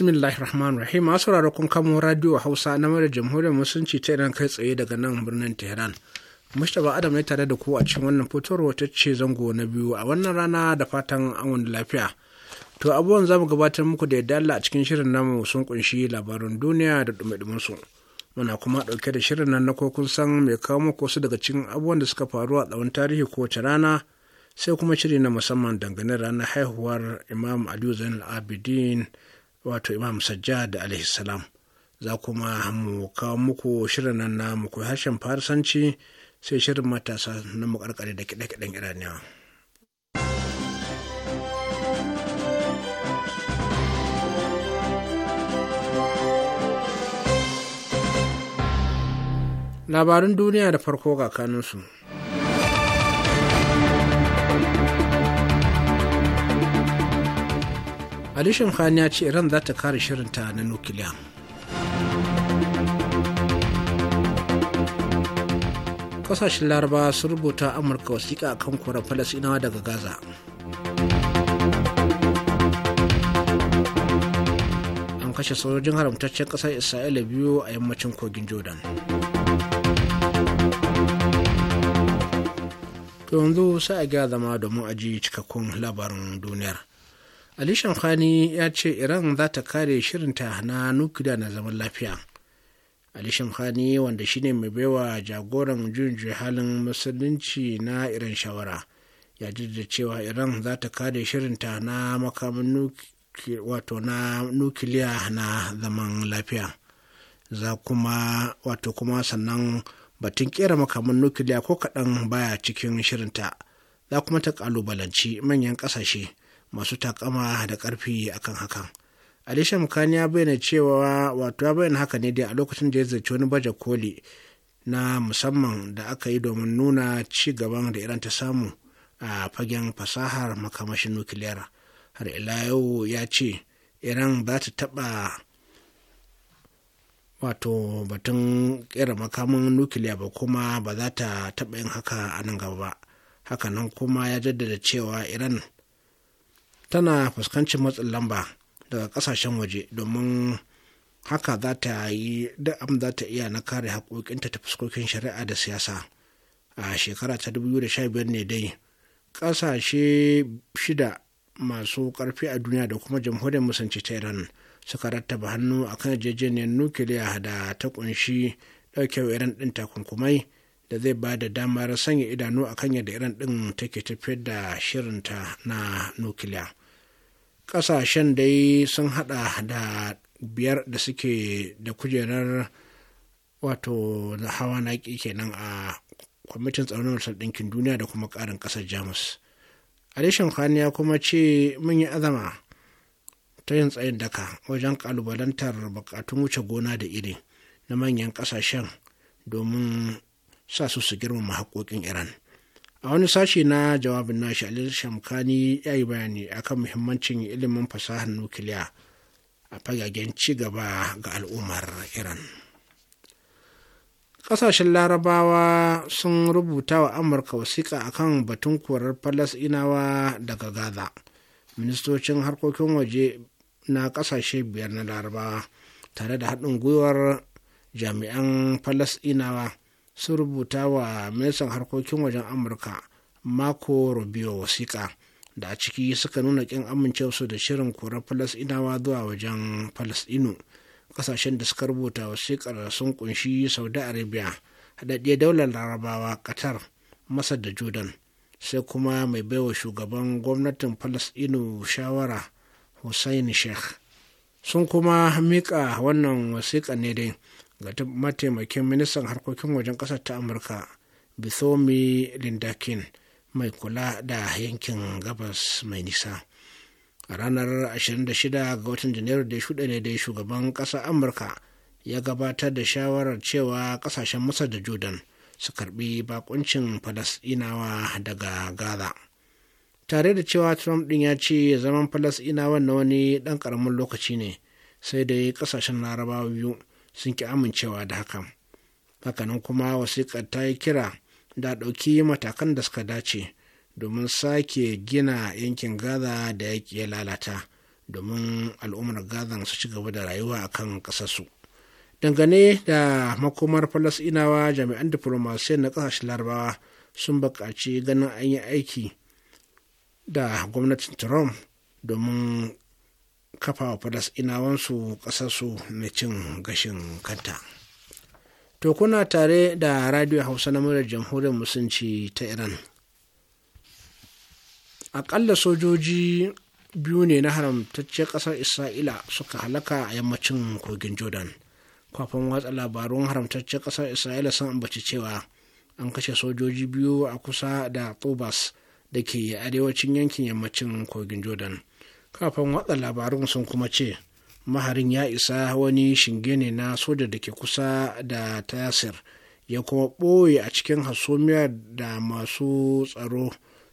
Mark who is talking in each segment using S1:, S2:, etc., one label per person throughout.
S1: bismillahir rahman rahim a kun kamo radio hausa na mara jamhuriyar musulunci ta idan kai tsaye daga nan birnin tehran mustapha adam ne tare da ku a cikin wannan fitowar wata ce zango na biyu a wannan rana da fatan an lafiya to abubuwan zamu gabatar muku da yadda Allah a cikin shirin namu sun kunshi labaran duniya da dumi su muna kuma ɗauke da shirin nan na ko kun san mai kawo muku wasu daga cikin abubuwan da suka faru a tsawon tarihi ko wace rana sai kuma shiri na musamman dangane ranar haihuwar imam aliyu zainal abidin wato imam sajjad alaihi salam za kuma mu kawo muku shirin nan na mu harshen farsanci sai shirin matasa na mukarkare da kiɗe-kiɗen iraniya labarin duniya da farko ga kanunsu Alishin Khan ya ce Iran za ta kare shirinta na nukiliya. Kasashen Laraba sun rubuta Amurka wasiƙa kan koren Falasinawa daga Gaza. An kashe sojojin haramtaccen ƙasar Isra'ila biyu a yammacin kogin Jordan. yanzu sai a gyara zama domin aji cikakkun labarin duniyar. ali shamkhani ya ce iran za ta kare shirinta na nukiliya na zaman lafiya ali shamkhani wanda shine mai baiwa jagoran juyin halin musulunci na iran shawara ya da cewa iran za ta kare shirinta na makamin wato na nukiliya na zaman lafiya za kuma wato kuma sannan batun kera makamin nukiliya ko kaɗan baya cikin shirinta za kuma ta ƙalubalanci manyan ƙasashe masu takama da ƙarfi akan hakan alisha mukani ya bayyana cewa wato ya bayyana haka ne dai a lokacin da ya zaci wani baje koli na musamman da aka yi domin nuna ci gaban da iran ta samu a fagen fasahar makamashin nukiliyar har ila yau ya ce iran za ta taɓa wato batun kera makamin nukiliya ba kuma ba za ta taɓa yin haka a nan gaba ba hakanan kuma ya jaddada cewa iran tana fuskancin matsin lamba daga kasashen waje domin haka za ta yi da za ta iya na kare haƙoƙinta ta fuskokin shari'a da siyasa a shekara ta 2015 ne dai ƙasashe shida masu ƙarfi a duniya da kuma jamhuriyar musanci ta iran suka rattaba hannu a kan jejeniyar nukiliya da ta kunshi ɗaukewa iran ɗin takunkumai da zai ba da damar sanya idanu a kan yadda iran ɗin take tafiyar da shirinta na nukiliya ƙasashen dai sun hada da biyar da suke da kujerar wato hawa naƙi kenan a kwamitin tsaunin wasan ɗinkin duniya da kuma ƙarin ƙasar jamus alishan khan ya kuma ce mun yi azama ta yin tsayin daka wajen ƙalubalantar buƙatun wuce gona da iri na manyan ƙasashen domin sa su su girmama haƙoƙin iran a wani sashi na jawabin nashi Ali shamkani ya yi bayani akan muhimmancin ilimin fasahar nukiliya a fagagen ci gaba ga al'ummar iran ƙasashen larabawa sun rubuta wa amurka wasiƙa akan batun korar falasɗinawa daga gaza ministocin harkokin waje na ƙasashe biyar na larabawa tare da haɗin gwiwar jami'an falasɗinawa sun rubuta wa ministan harkokin wajen amurka mako rubio wasiƙa da a ciki suka nuna ƙin su da shirin korar falasɗinawa zuwa wajen falasɗinu ƙasashen da suka rubuta wasiƙar sun kunshi saudi arabia haɗaɗɗiyar daular larabawa qatar masar da jordan sai kuma mai baiwa shugaban gwamnatin falasɗinu shawara hussein sheikh sun kuma miƙa wannan wasiƙa ne dai ga mataimakin ministan harkokin wajen ƙasar ta amurka bithomi lindakin mai kula da yankin gabas mai nisa a ranar 26 ga watan janairu da ya shuɗe ne da shugaban ƙasar amurka ya gabatar da shawarar cewa ƙasashen masar da jordan su karbi bakuncin falasɗinawa daga gaza tare da cewa trump ɗin ya ce zaman falasɗinawa na wani ɗan ƙaramin lokaci ne sai dai ƙasashen larabawa biyu sun ki amincewa da hakan hakanan kuma wasikar ta yi kira da ɗauki matakan da suka dace domin sake gina yankin gaza da ya ya lalata domin al'ummar Gazan su ci gaba da rayuwa a kan ƙasarsu dangane da makomar falasinawa jami'an diflomasiyya na ƙasashen larabawa sun buƙaci ganin an yi aiki da gwamnatin trump domin kafa wa falasɗinawansu ƙasarsu mai cin gashin kanta to kuna tare da radio hausa na murar jamhuriyar musulunci ta iran aƙalla sojoji biyu ne na haramtacciyar ƙasar isra'ila suka halaka a yammacin kogin jordan kwafin watsa labarun haramtacciyar ƙasar isra'ila sun ambaci cewa an kashe sojoji biyu a kusa da tobas da ke arewacin yankin yammacin kogin jordan kafin watsa labarun sun kuma ce maharin ya isa wani shinge ne na soja da ke kusa da tasir ya kuma ɓoye a cikin hasumiyar da masu tsaro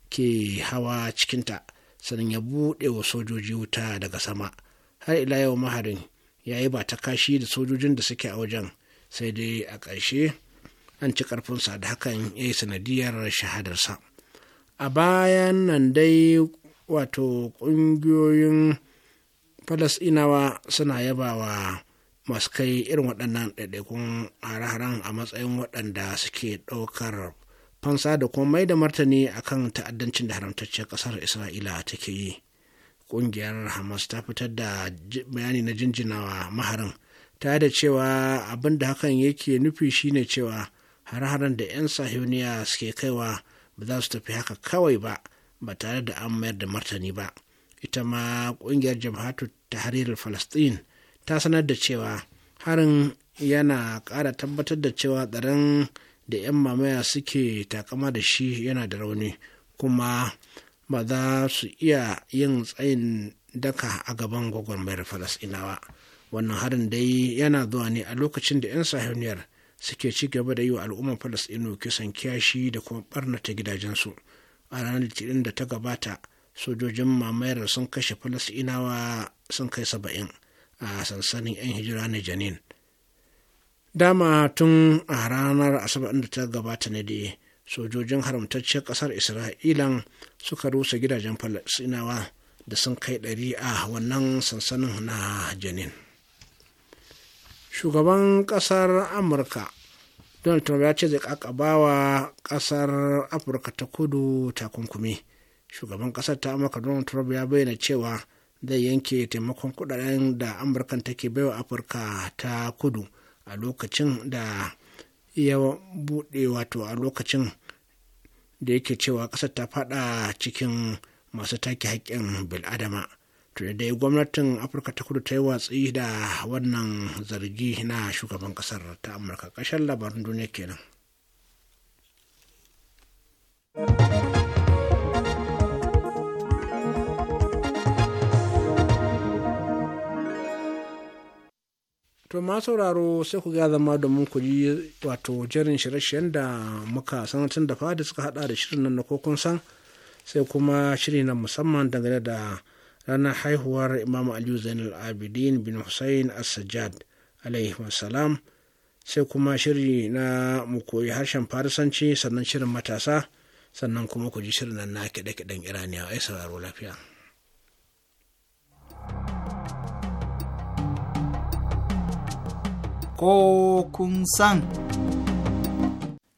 S1: ke hawa cikinta sannan ya buɗe wa sojoji wuta daga sama har ila yau maharin ya yi ba ta kashi da sojojin da suke a wajen sai dai a ƙarshe an ci ƙarfinsa da hakan ya yi sanadiyar shahadarsa a bayan nan dai wato ƙungiyoyin falasɗinawa suna yabawa masu kai irin waɗannan ɗaiɗaikun hare-haren a matsayin waɗanda suke ɗaukar fansa da kuma mai da martani a kan ta'addancin da haramtacciyar ƙasar isra'ila take yi ƙungiyar hamas ta fitar da bayani na jinjinawa maharin ta da cewa abin da hakan yake nufi shine cewa har-haren da 'yan sahiyoniya suke kaiwa ba za su tafi haka kawai ba ba tare da an mayar da martani ba ita ma ƙungiyar jamhatu ta Harirar falastin ta sanar da cewa harin yana ƙara tabbatar da cewa tsaron da 'yan mamaya suke takama da shi yana da rauni kuma ba za su iya yin tsayin daka a gaban gwagwarmayar falasɗinawa wannan harin dai yana zuwa ne a lokacin da 'yan sahuniyar suke ci gaba da yi wa al'ummar Falastinu kisan kiyashi da kuma ɓarnata gidajensu a ranar litinin da ta gabata sojojin mamayar sun kashe falasinawa sun kai saba'in a sansanin 'yan hijira na janin dama tun a ranar asabar da ta gabata ne da sojojin haramtacciyar kasar isra'ilan suka rusa gidajen falasinawa da sun kai ɗari a wannan sansanin na janin shugaban kasar amurka donald trump ya ce zai kakaba wa kasar afirka ta kudu takunkumi shugaban kasar ta amurka donald trump ya bayyana cewa zai yanke taimakon kudaden da amurkan take baiwa afirka ta kudu a lokacin da ya buɗe wato a lokacin da yake cewa ƙasar ta faɗa cikin masu take haƙƙin bil'adama to dai gwamnatin afirka ta kudu ta yi watsi da wannan zargi na shugaban kasar ta amurka ƙasar labarin duniya kenan to ma sauraro sai ku ga zama domin ku ji wato jerin shirye-shiryen da muka sanatun da fada suka hada da shirin nan na kokon san sai kuma shiri na musamman dangane da ranar haihuwar imam aliyu zainal abidin bin hussein assajad sajjad alaihi wasalam sai kuma shiri na mu koyi harshen farisanci sannan shirin matasa sannan kuma ku ji shirin nan na kiɗe-kiɗen iraniya ai sauraro lafiya
S2: ko kun san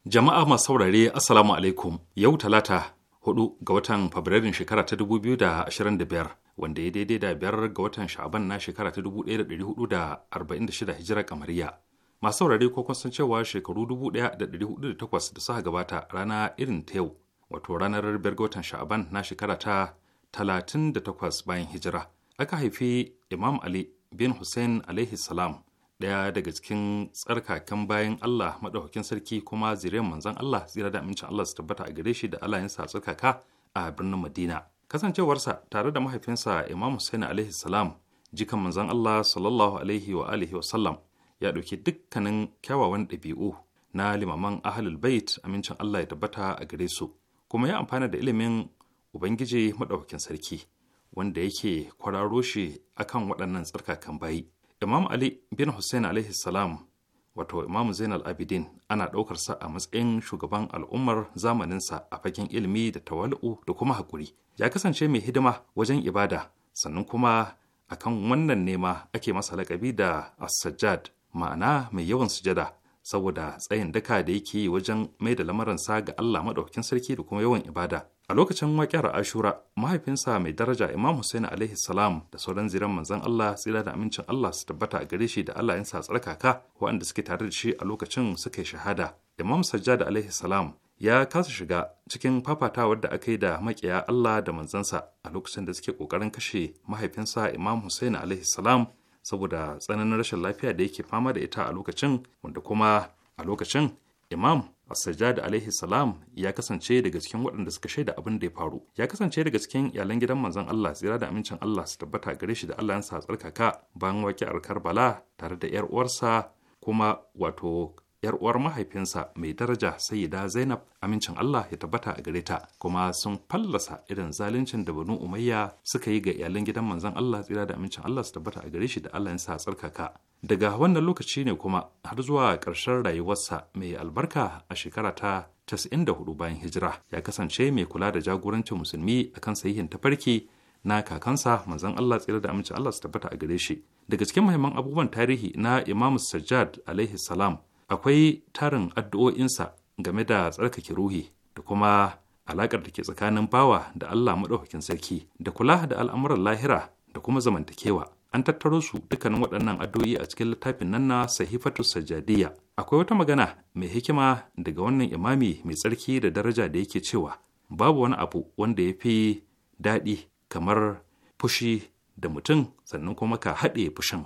S3: jama'a masu saurare assalamu alaikum yau talata 4 ga watan fabrairun shekara ta 2025 wanda ya daidai da biyar ga watan sha'aban na shekara ta 1446 hijira kamariya masu saurari ko kun cewa shekaru 1408 da suka gabata rana irin ta yau wato ranar biyar ga watan sha'aban na shekara ta 38 bayan hijira aka haifi imam ali bin hussein alaihi salam ɗaya daga cikin tsarkakan bayan Allah maɗaukakin sarki kuma zuriyar manzon Allah tsira da amincin Allah su tabbata a gare shi da Allah ya sa tsarkaka a birnin Madina. kasancewarsa tare da mahaifinsa imam Hussein alaihi salam jikan manzon Allah sallallahu alaihi wa alihi wa sallam ya ɗauki dukkanin kyawawan ɗabi'u na limaman ahlul bait amincin Allah ya tabbata a gare su kuma ya amfana da ilimin ubangiji madaukakin sarki wanda yake kwararo shi akan waɗannan tsarkakan bayi imam ali bin hussein alaihi salam wato Imam zainal abidin ana ɗaukarsa a matsayin shugaban al'ummar zamaninsa a fagen ilimi da tawali'u da kuma haƙuri ya kasance mai hidima wajen ibada sannan kuma akan wannan nema ake masa laƙabi da as-sajjad ma'ana mai yawan sujada saboda tsayin daka da yake yi wajen mai da lamaransa ga Allah maɗaukakin sarki da kuma yawan ibada. A lokacin waƙiyar Ashura, mahaifinsa mai daraja Imam Hussein alaihi salam da sauran ziran manzon Allah tsira da amincin Allah su tabbata a gare shi da Allah yansa tsarkaka waɗanda suke tare da shi a lokacin suka yi shahada. Imam Sajjad alaihi salam ya kasa shiga cikin fafatawar da aka yi da makiya Allah da manzansa a lokacin da suke ƙoƙarin kashe mahaifinsa Imam Hussein alaihi salam saboda tsananin rashin lafiya da yake fama da ita a lokacin wanda kuma a lokacin imam As-Sajjad alaihi salam ya kasance daga cikin waɗanda suka shaida abin da ya faru. Ya kasance daga cikin iyalan gidan manzon Allah tsira da amincin Allah su tabbata gare shi da Allah ya sa tsarkaka bayan waƙi'ar Karbala tare da 'yar uwarsa kuma wato yar uwar mahaifinsa mai daraja sai sayyida zainab amincin allah ya tabbata a gare ta kuma sun fallasa irin zaluncin da banu umayya suka yi ga iyalan gidan manzon allah tsira da amincin allah su tabbata a gare shi da allah ya sa tsarkaka daga wannan lokaci ne kuma har zuwa karshen rayuwarsa mai albarka a shekara ta 94 bayan hijira ya kasance mai kula da jagorancin musulmi akan sahihin tafarki na kakansa manzon Allah tsira da amincin Allah su tabbata a gare shi daga cikin muhimman abubuwan tarihi na Imam Sajjad alaihi salam akwai tarin addu'o'insa game da tsarkake ruhi da kuma alaƙar da ke tsakanin bawa da Allah maɗaukakin sarki da kula da al'amuran lahira da kuma zamantakewa. An tattaro su dukkanin waɗannan addu'o'i a cikin littafin nan na Sahifatu sajjadiyya. Akwai wata magana mai hikima daga wannan imami mai tsarki da daraja da yake cewa babu wani abu wanda ya fi daɗi kamar fushi da mutum sannan kuma ka haɗe fushin.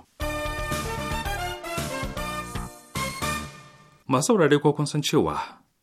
S3: Masu saurare ko kun san cewa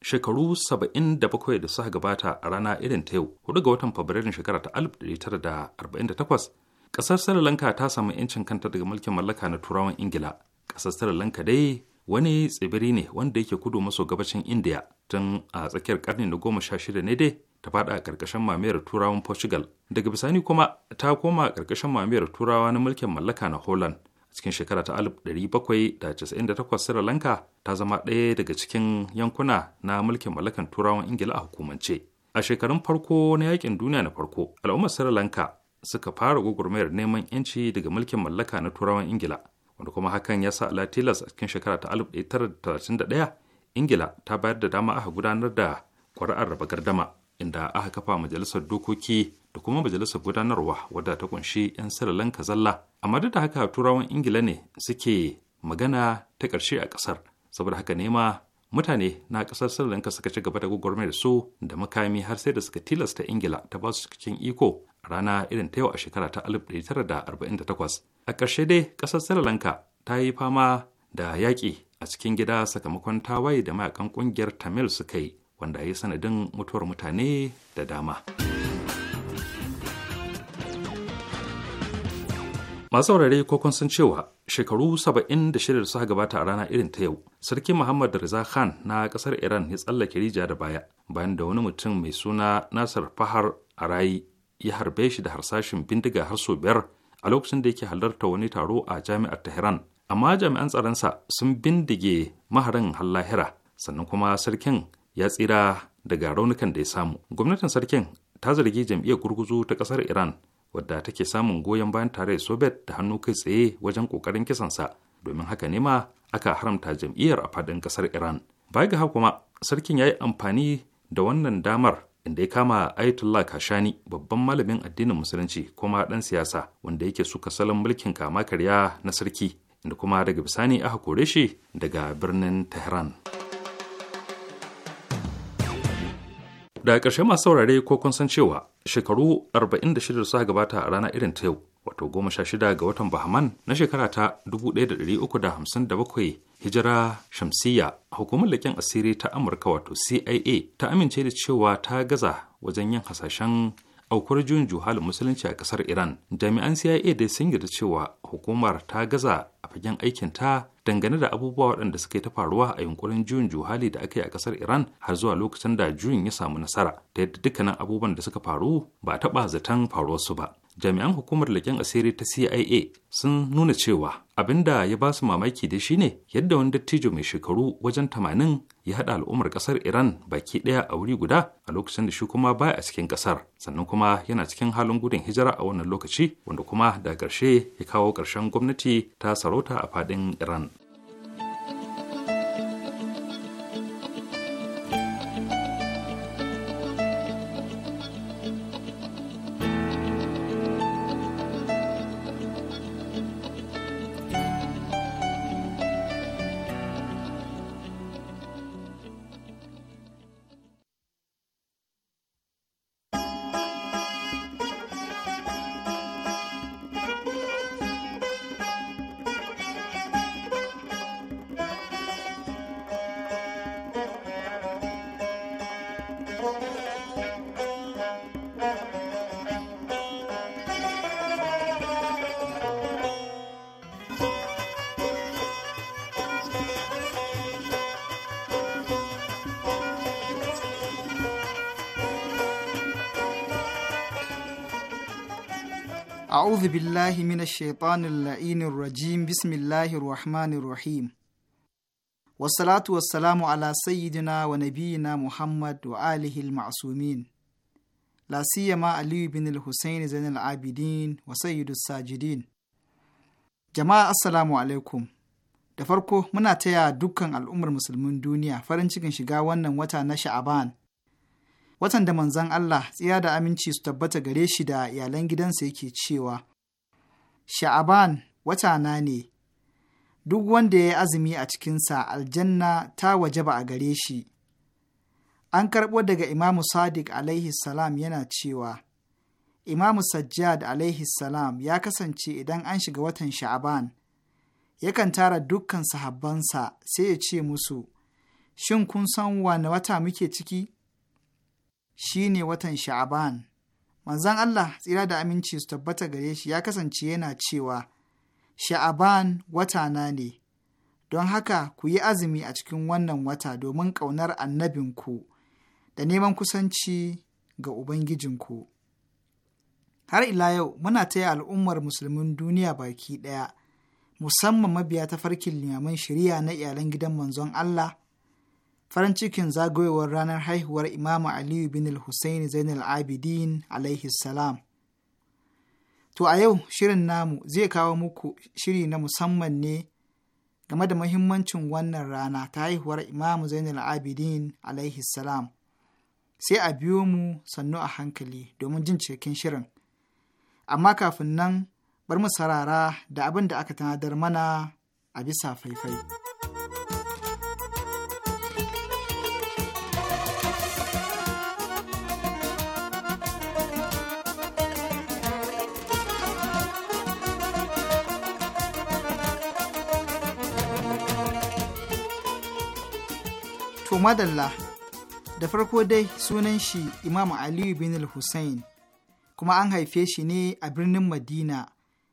S3: shekaru 77 da bakwai da suka gabata a rana irin ta yau, 4 ga watan Fabrairun shekara ta takwas ƙasar Sri Lanka ta samu 'yancin kanta daga mulkin mallaka na Turawan Ingila. Ƙasar Sri Lanka dai wani tsibiri ne wanda yake kudu maso gabashin indiya tun a tsakiyar karni na goma sha shida ne dai ta fada a ƙarƙashin mamayar turawan Portugal. Daga bisani kuma ta koma ƙarƙashin mamayar turawa na mulkin mallaka na Holland. cikin shekara ta 1798 Sri Lanka ta zama ɗaya daga cikin yankuna na mulkin mallakan turawan Ingila a hukumance. A shekarun farko na yakin duniya na farko, al'ummar Sri Lanka suka fara gwagwarmayar neman 'yanci daga mulkin mallaka na turawan Ingila, wanda kuma hakan ya sa ala a cikin shekara ta 1931 Ingila ta bayar da dama aka gudanar da ƙuri'ar raba gardama. inda aka kafa majalisar dokoki da kuma majalisar gudanarwa wadda ta kunshi 'yan Sri kazalla zalla. Amma duk da haka turawan Ingila ne suke magana ta ƙarshe a ƙasar, saboda haka nema mutane na ƙasar Sri Lanka suka ci gaba da gwagwarmayar su da makami har sai da suka tilasta Ingila ta ba su cikin iko a rana irin ta yau a shekara ta 1948. A ƙarshe dai ƙasar Sri Lanka ta yi fama da yaƙi a cikin gida sakamakon tawaye da mayakan ƙungiyar Tamil suka yi. wanda ya sanadin mutuwar mutane da dama. masu saurare ko kun san cewa shekaru saba'in da suka gabata a rana irin ta yau sarki muhammad Reza khan na kasar iran ya tsallake rija da baya bayan da wani mutum mai suna nasir fahar a rayi ya harbe shi da harsashin bindiga har sau biyar a lokacin da yake halarta wani taro a jami'ar tehran amma jami'an tsaronsa sun bindige maharin hallahira sannan kuma sarkin ya tsira daga raunukan da ya samu gwamnatin sarkin ta zargi jam'iyyar gurguzu ta ƙasar iran wadda take samun goyon bayan tare soviet da hannu kai tsaye wajen kokarin kisansa domin haka ne ma aka haramta jam'iyyar a fadin kasar iran baya ga haka kuma sarkin ya yi amfani da wannan damar inda ya kama Ayatollah Kashani babban malamin addinin musulunci kuma ɗan siyasa wanda yake suka salon mulkin kama karya na sarki inda kuma daga bisani aka kore shi daga birnin Tehran. Da ƙarshe masu saurare ko kun san cewa shekaru 46 suka gabata a rana irin ta yau, wato 16 ga watan Bahman na shekara ta 1357 Hijira Shamsiyya, hukumar leƙen asiri ta Amurka wato CIA ta amince da cewa ta gaza wajen yin hasashen aukuwar juyin juhalin musulunci a kasar iran jami'an cia dai sun da cewa hukumar ta gaza a fagen aikin ta dangane da abubuwa waɗanda yi ta faruwa a yunkurin juyin juhali da aka yi a kasar iran har zuwa lokacin da juyin ya samu nasara ta yadda dukkanin abubuwan da suka faru ba taɓa zaton faruwarsu ba jami'an hukumar leken asiri ta cia sun nuna cewa abin da ya ba su mamaki da shi ne yadda wani dattijo mai shekaru wajen tamanin ya haɗa al'ummar ƙasar iran baki ɗaya a wuri guda a lokacin da shi kuma baya a cikin ƙasar sannan kuma yana cikin halin gudun hijira a wannan lokaci wanda kuma da ƙarshe ya kawo ƙarshen gwamnati ta sarauta a faɗin iran
S2: billahi mina shaitanir la'inir rajim bismillahir rahmanir rahim wassalatu wassalamu ala sayyidina wa nabiyina muhammad wa alihi ma'sumin la siyama aliyu bin al-husayn zain abidin wa sayyidus sajidin jama'a assalamu alaikum da farko muna taya dukkan al'ummar musulmin duniya farin cikin shiga wannan wata na sha'aban watan da manzan Allah tsiya da aminci su tabbata gare shi da iyalan gidansa yake cewa sha'aban wata na ne duk wanda ya yi azumi a cikinsa aljanna ta wajaba a gare shi an karɓo daga imamu sadiq alaihi salam yana cewa imamu sajjad alaihi salam ya kasance idan an shiga watan sha'aban yakan tara dukkan sahabbansa sai ya ce musu shin kun san wane wata muke ciki shi ne watan sha'aban manzon Allah tsira da aminci su tabbata gare shi ya kasance yana cewa sha'aban wata na ne don haka ku yi azumi a cikin wannan wata domin ƙaunar annabinku da neman kusanci ga ubangijinku har ila yau muna taya al'ummar musulmin duniya baki ɗaya musamman mabiya ta farkin limaman shirya na iyalan gidan manzon Allah farin cikin zagayowar ranar haihuwar Imamu Aliyu bin al-Husaini Zainal Abidin alaihi salam. To a yau shirin namu zai kawo muku shiri na musamman ne game da mahimmancin wannan rana ta haihuwar Imamu Zainal Abidin alaihi salam. Sai a biyo mu sannu a hankali domin jin cikin shirin. Amma kafin nan bar mu sarara da abin da aka tanadar mana a bisa faifai. To madalla, da farko dai sunan shi Imam Aliyu bin Hussein, kuma an haife shi ne a birnin Madina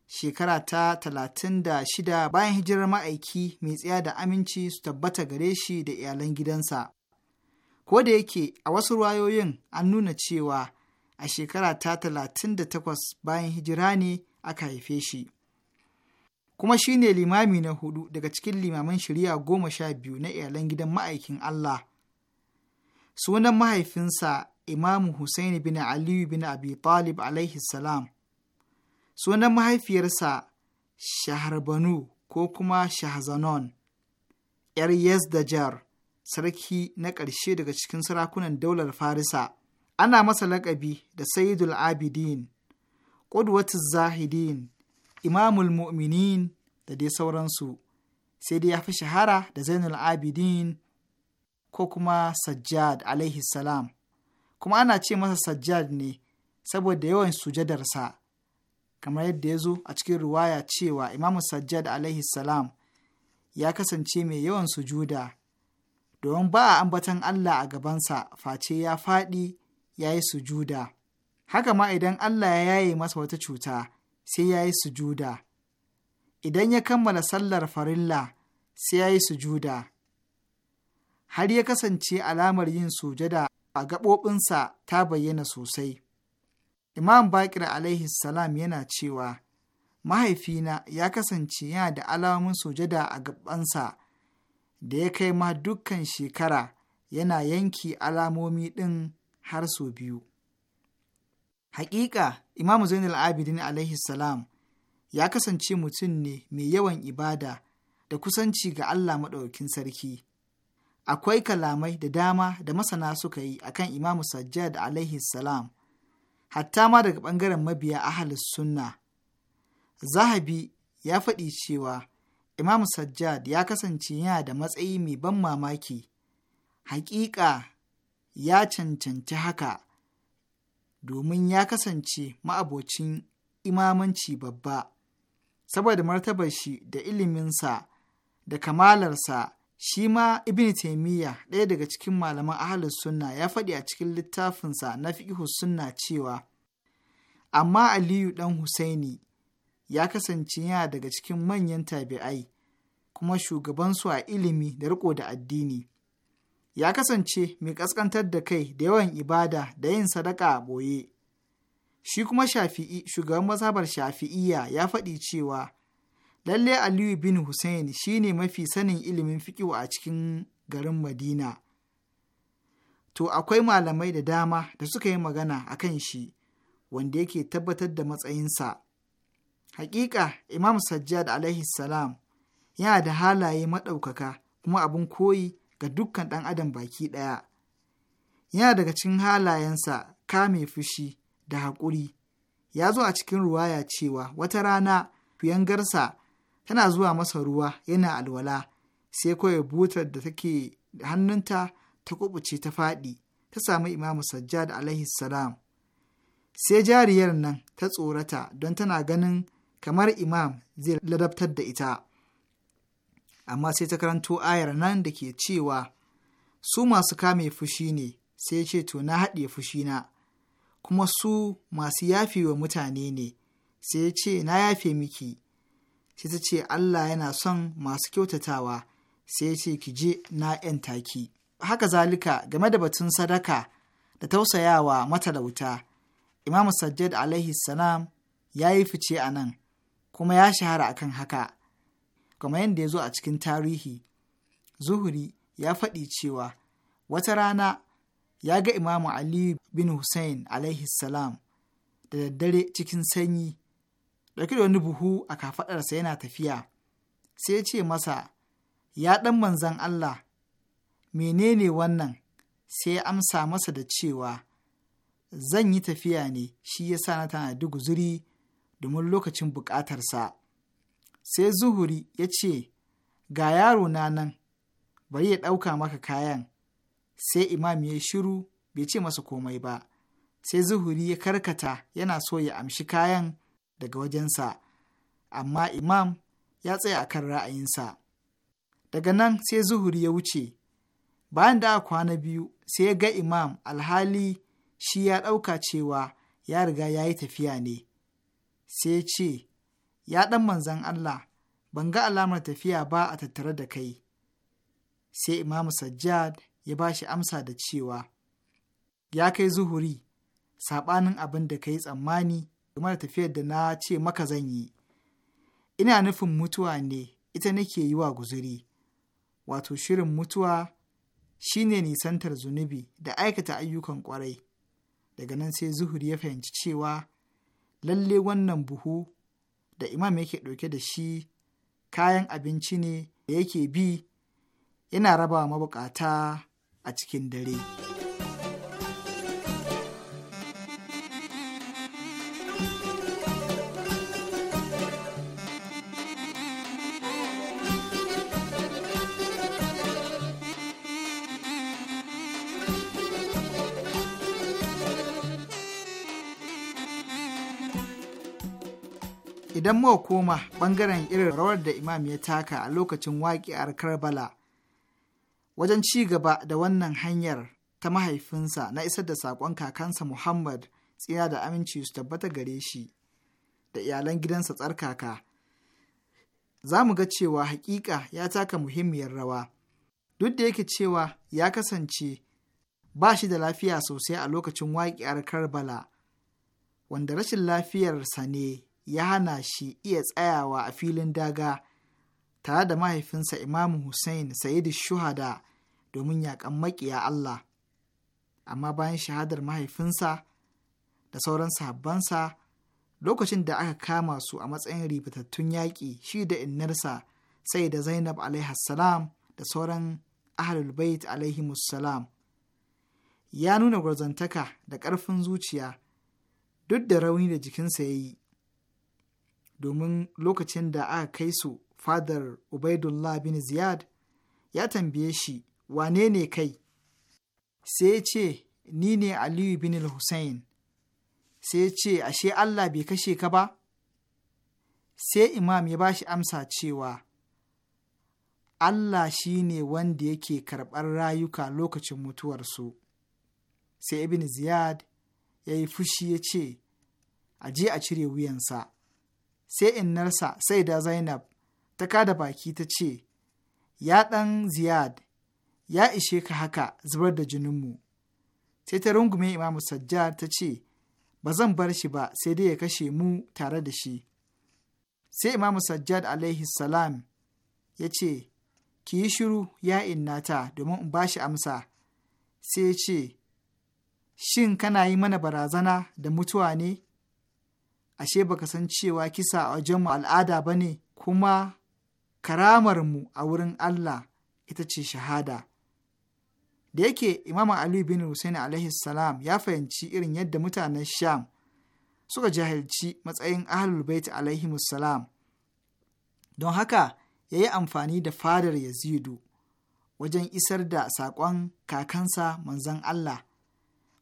S2: shekara ta talatin da shida bayan hijirar ma'aiki mai tsaya da aminci su tabbata gare shi da iyalan gidansa. Ko da yake a wasu rayoyin an nuna cewa a shekara ta talatin da takwas bayan hijira ne aka haife shi. kuma shi ne limami na hudu daga cikin limaman shari'a goma sha biyu na iyalan gidan ma'aikin Allah. Sunan mahaifinsa Imamu Hussein bin Aliyu bin Abi Talib alaihi salam. Sunan mahaifiyarsa Shaharbanu ko kuma Shahzanon, ‘yar Yazdajar, sarki na ƙarshe daga cikin sarakunan daular Farisa. Ana masa laƙabi da Sayyidul Abidin, Ƙudwatu Zahidin, imamul mu'minin da dai sauransu sai dai ya fi shahara da zainul abidin ko kuma sajjad alaihi salam kuma ana ce masa sajjad ne saboda yawan sujadarsa kamar yadda ya zo a cikin ruwaya cewa imamu sajjad alaihi salam ya kasance mai yawan sujuda domin ba a ambatan Allah a gabansa face ya faɗi ya yi sujuda haka ma idan Allah ya yaye masa wata cuta sai ya yi sujuda, idan ya kammala sallar farilla sai ya yi sujuda, har ya kasance alamar yin sujada a gaɓoɓinsa ta bayyana sosai. Imam Bakir alaihi salam yana cewa, Mahaifina ya kasance yana da alamun sujada a gaɓansa, da ya kai ma dukkan shekara yana yanki alamomi ɗin har sau biyu. Hakika Imam Zainul Abidin alaihi salam ya kasance mutum ne mai yawan ibada da kusanci ga Allah maɗaukin sarki. Akwai kalamai da dama da masana suka yi akan Imam Sajjad alaihi salam, hatta ma daga ɓangaren mabiya ahalus sunna. Zahabi ya faɗi cewa Imam Sajjad ya kasance yana da matsayi mai ban mamaki. Hakika ya cancanci haka. domin ya kasance ma'abocin imamanci babba, saboda martabar shi da iliminsa da kamalarsa shi ma ibn taimiyya ɗaya daga cikin malaman ahalus sunna ya faɗi a cikin littafinsa na fiƙihu sunna cewa amma aliyu ɗan husaini ya kasance yana daga cikin manyan tabi'ai kuma shugabansu a ilimi da riko da addini ya kasance mai ƙasƙantar da kai da yawan ibada da yin sadaka a ɓoye. Shi kuma Shafi'i, shugaban mazhabar Shafi'iyya ya faɗi cewa, lalle Aliyu bin Hussein shi ne mafi sanin ilimin fiƙiwa a cikin garin Madina. To akwai malamai da dama da suka yi magana a kan shi, wanda yake tabbatar da matsayinsa. Hakika Imam Sajjad alaihi salam yana da halaye maɗaukaka kuma abin koyi ga dukkan ɗan adam baki ɗaya. Yana daga cikin halayensa kame fushi da haƙuri. Ya zo a cikin ruwaya cewa wata rana kuyangarsa tana zuwa masa ruwa yana alwala sai kawai butar da take hannunta ta kubuce ta faɗi ta sami imamu sajjad alaihi salam sai jariyar nan ta tsorata don tana ganin kamar imam zai ladabtar da ita amma sai ta karanto ayar nan da ke cewa su masu kame fushi ne sai ce to na haɗe fushina kuma su masu yafe wa mutane ne sai ya ce na yafe miki sai ta ce Allah yana son masu kyautatawa sai ya ce ki je na ‘yan taki haka zalika game da batun sadaka da tausayawa matalauta Imam Sajjad alaihi salam ya yi fice a nan kuma ya shahara akan haka kamar yadda ya zo a cikin tarihi zuhuri ya faɗi cewa wata rana ya ga imamu ali bin hussein alaihi salam da daddare cikin sanyi ɗauki da wani buhu a kafaɗarsa yana tafiya sai ya ce masa ya ɗan manzan allah menene wannan sai ya amsa masa da cewa zan yi tafiya ne shi ya sa na tana guzuri domin lokacin buƙatarsa sai zuhuri ya ce ga yaro na nan bari ya ɗauka maka kayan sai imam ya shiru bai ce masa komai ba sai zuhuri ya karkata yana so ya amshi kayan daga wajensa amma imam ya tsaya a kan ra'ayinsa daga nan sai zuhuri ya wuce bayan da a kwana biyu sai ya ga imam alhali shi ya ɗauka cewa ya riga ya yi tafiya ne sai ya ce ya ɗan manzan Allah ban ga alamar tafiya ba a tattare da kai sai imamu sajjad ya ba shi amsa da cewa ya kai zuhuri saɓanin abin da ka yi tsammani game da tafiyar da na ce maka zan yi ina nufin mutuwa ne ita nake yi wa guzuri wato shirin mutuwa shi ne nisantar zunubi da aikata ayyukan ƙwarai. daga nan sai zuhuri ya fahimci cewa lalle wannan buhu da imam yake ɗauke da shi kayan abinci ne da yake bi yana raba mabukata a cikin dare. idan muka koma bangaren irin rawar da imam ya taka a lokacin waƙiyar karbala wajen ci gaba da wannan hanyar ta mahaifinsa na isar da saƙon kakansa muhammad tsira da aminci su tabbata gare shi da iyalan gidansa tsarkaka za mu ga cewa haƙiƙa ya taka muhimmiyar rawa duk da yake cewa ya kasance ba shi da lafiya sosai a lokacin waƙiyar karbala wanda rashin lafiyarsa ne ya hana shi iya tsayawa a filin daga tare da mahaifinsa Imam Hussein sayidu Shuhada domin yaƙan maƙiya Allah. Amma bayan shahadar mahaifinsa da sauran sahabbansa lokacin da aka kama su a matsayin ribatattun yaƙi shi da innarsa sai da Zainab salam da sauran Ahlul Bait salam. Ya nuna gwarzantaka da ƙarfin zuciya duk da rauni da jikinsa ya yi domin lokacin da aka kai su fadar Ubaidullah bin Ziyad ya tambaye shi wane ne kai sai ya ce ni ne Aliyu bin Hussein sai ya ce ashe Allah bai kashe ka ba sai imam ya bashi amsa cewa Allah shi ne wanda yake karɓar rayuka lokacin mutuwarsu sai ibn Ziyad ya yi fushi ya ce a je a cire wuyansa sai innarsa sai da Zainab ta kada baki ta ce, Ya ɗan Ziyad, ya ishe ka haka zubar da jininmu. Sai ta rungume Imamu Sajjad ta ce, Ba zan bar shi ba sai dai ya kashe mu tare da shi. Sai Imamu Sajjad alaihi salam ya ce, Ki yi shiru ya innata domin in ba shi amsa. Sai ya ce, Shin kana yi mana barazana da mutuwa ne? ashe baka san cewa kisa a wajenmu al'ada ba ne kuma karamar mu a wurin Allah ita ce shahada. Da yake Imam Ali bin Hussein alaihi salam ya fahimci irin yadda mutanen Sham suka jahilci matsayin Ahlul Bait alaihi salam. Don haka ya yi amfani da fadar Yazidu wajen isar da saƙon kakansa manzan Allah.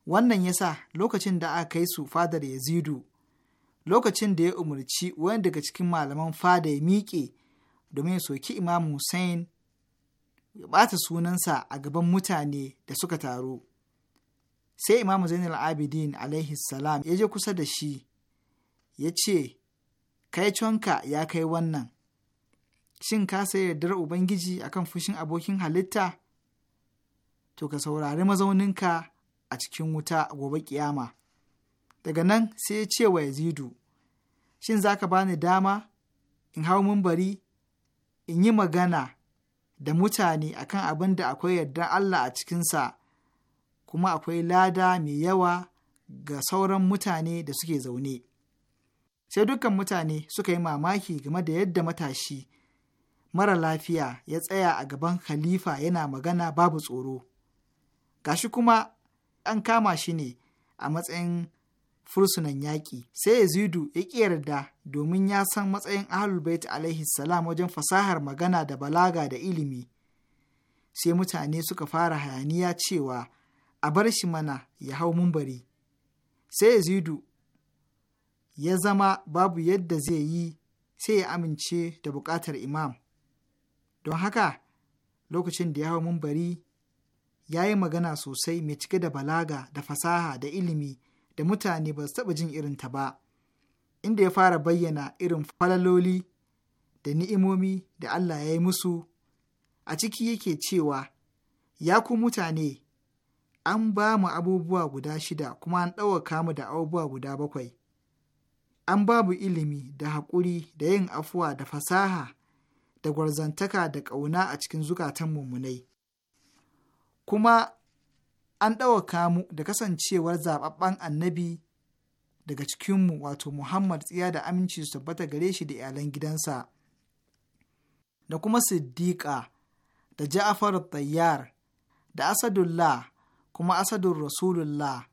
S2: Wannan yasa lokacin da aka kai su fadar Yazidu lokacin da ya umarci wani daga cikin malaman fada ya miƙe domin ya soki Imam Hussein ya ɓata sunansa a gaban mutane da suka taru. Sai Imam zainal Abidin alaihi salam ya je kusa da shi ya ce, Kai conka ya kai wannan, shin ka sai yardar Ubangiji akan fushin abokin halitta? To ka saurari mazauninka a cikin wuta gobe kiyama. daga nan sai ya ce wa yazidu shin za ka bani dama in hau mumbari in yi magana da mutane akan abin da akwai yarda Allah a cikinsa kuma akwai lada mai yawa ga sauran mutane da suke zaune sai dukkan mutane suka yi mamaki game da yadda matashi mara lafiya ya tsaya a gaban khalifa yana magana babu tsoro gashi kuma an kama shi ne a matsayin fursunan yaƙi sai yazidu ya ƙi yarda domin ya san matsayin ahlul bait alaihi salam wajen fasahar magana da balaga da ilimi sai mutane suka fara hayaniya cewa a bar shi mana ya hau mumbari sai yazidu ya zama babu yadda zai yi sai ya amince da buƙatar imam don haka lokacin da ya hau mumbari ya yi magana sosai mai cike da balaga da fasaha da ilimi da mutane ba su taɓa jin irinta ba, inda ya fara bayyana irin falaloli da ni'imomi da Allah ya yi musu, a ciki yake cewa, Ya ku mutane, an ba mu abubuwa guda shida kuma an ɗauka mu da abubuwa guda bakwai. An babu ilimi da haƙuri da yin afuwa da fasaha da gwarzantaka da ƙauna a cikin zukatan mummunai. Kuma an ɗawa mu da kasancewar zaɓaɓɓen annabi daga cikinmu wato Muhammad tsiya da aminci su tabbata gare shi da iyalan gidansa, da kuma Siddiƙa, da Ja'afar Tayyar, da Asadullah, kuma Asadun Rasulullah,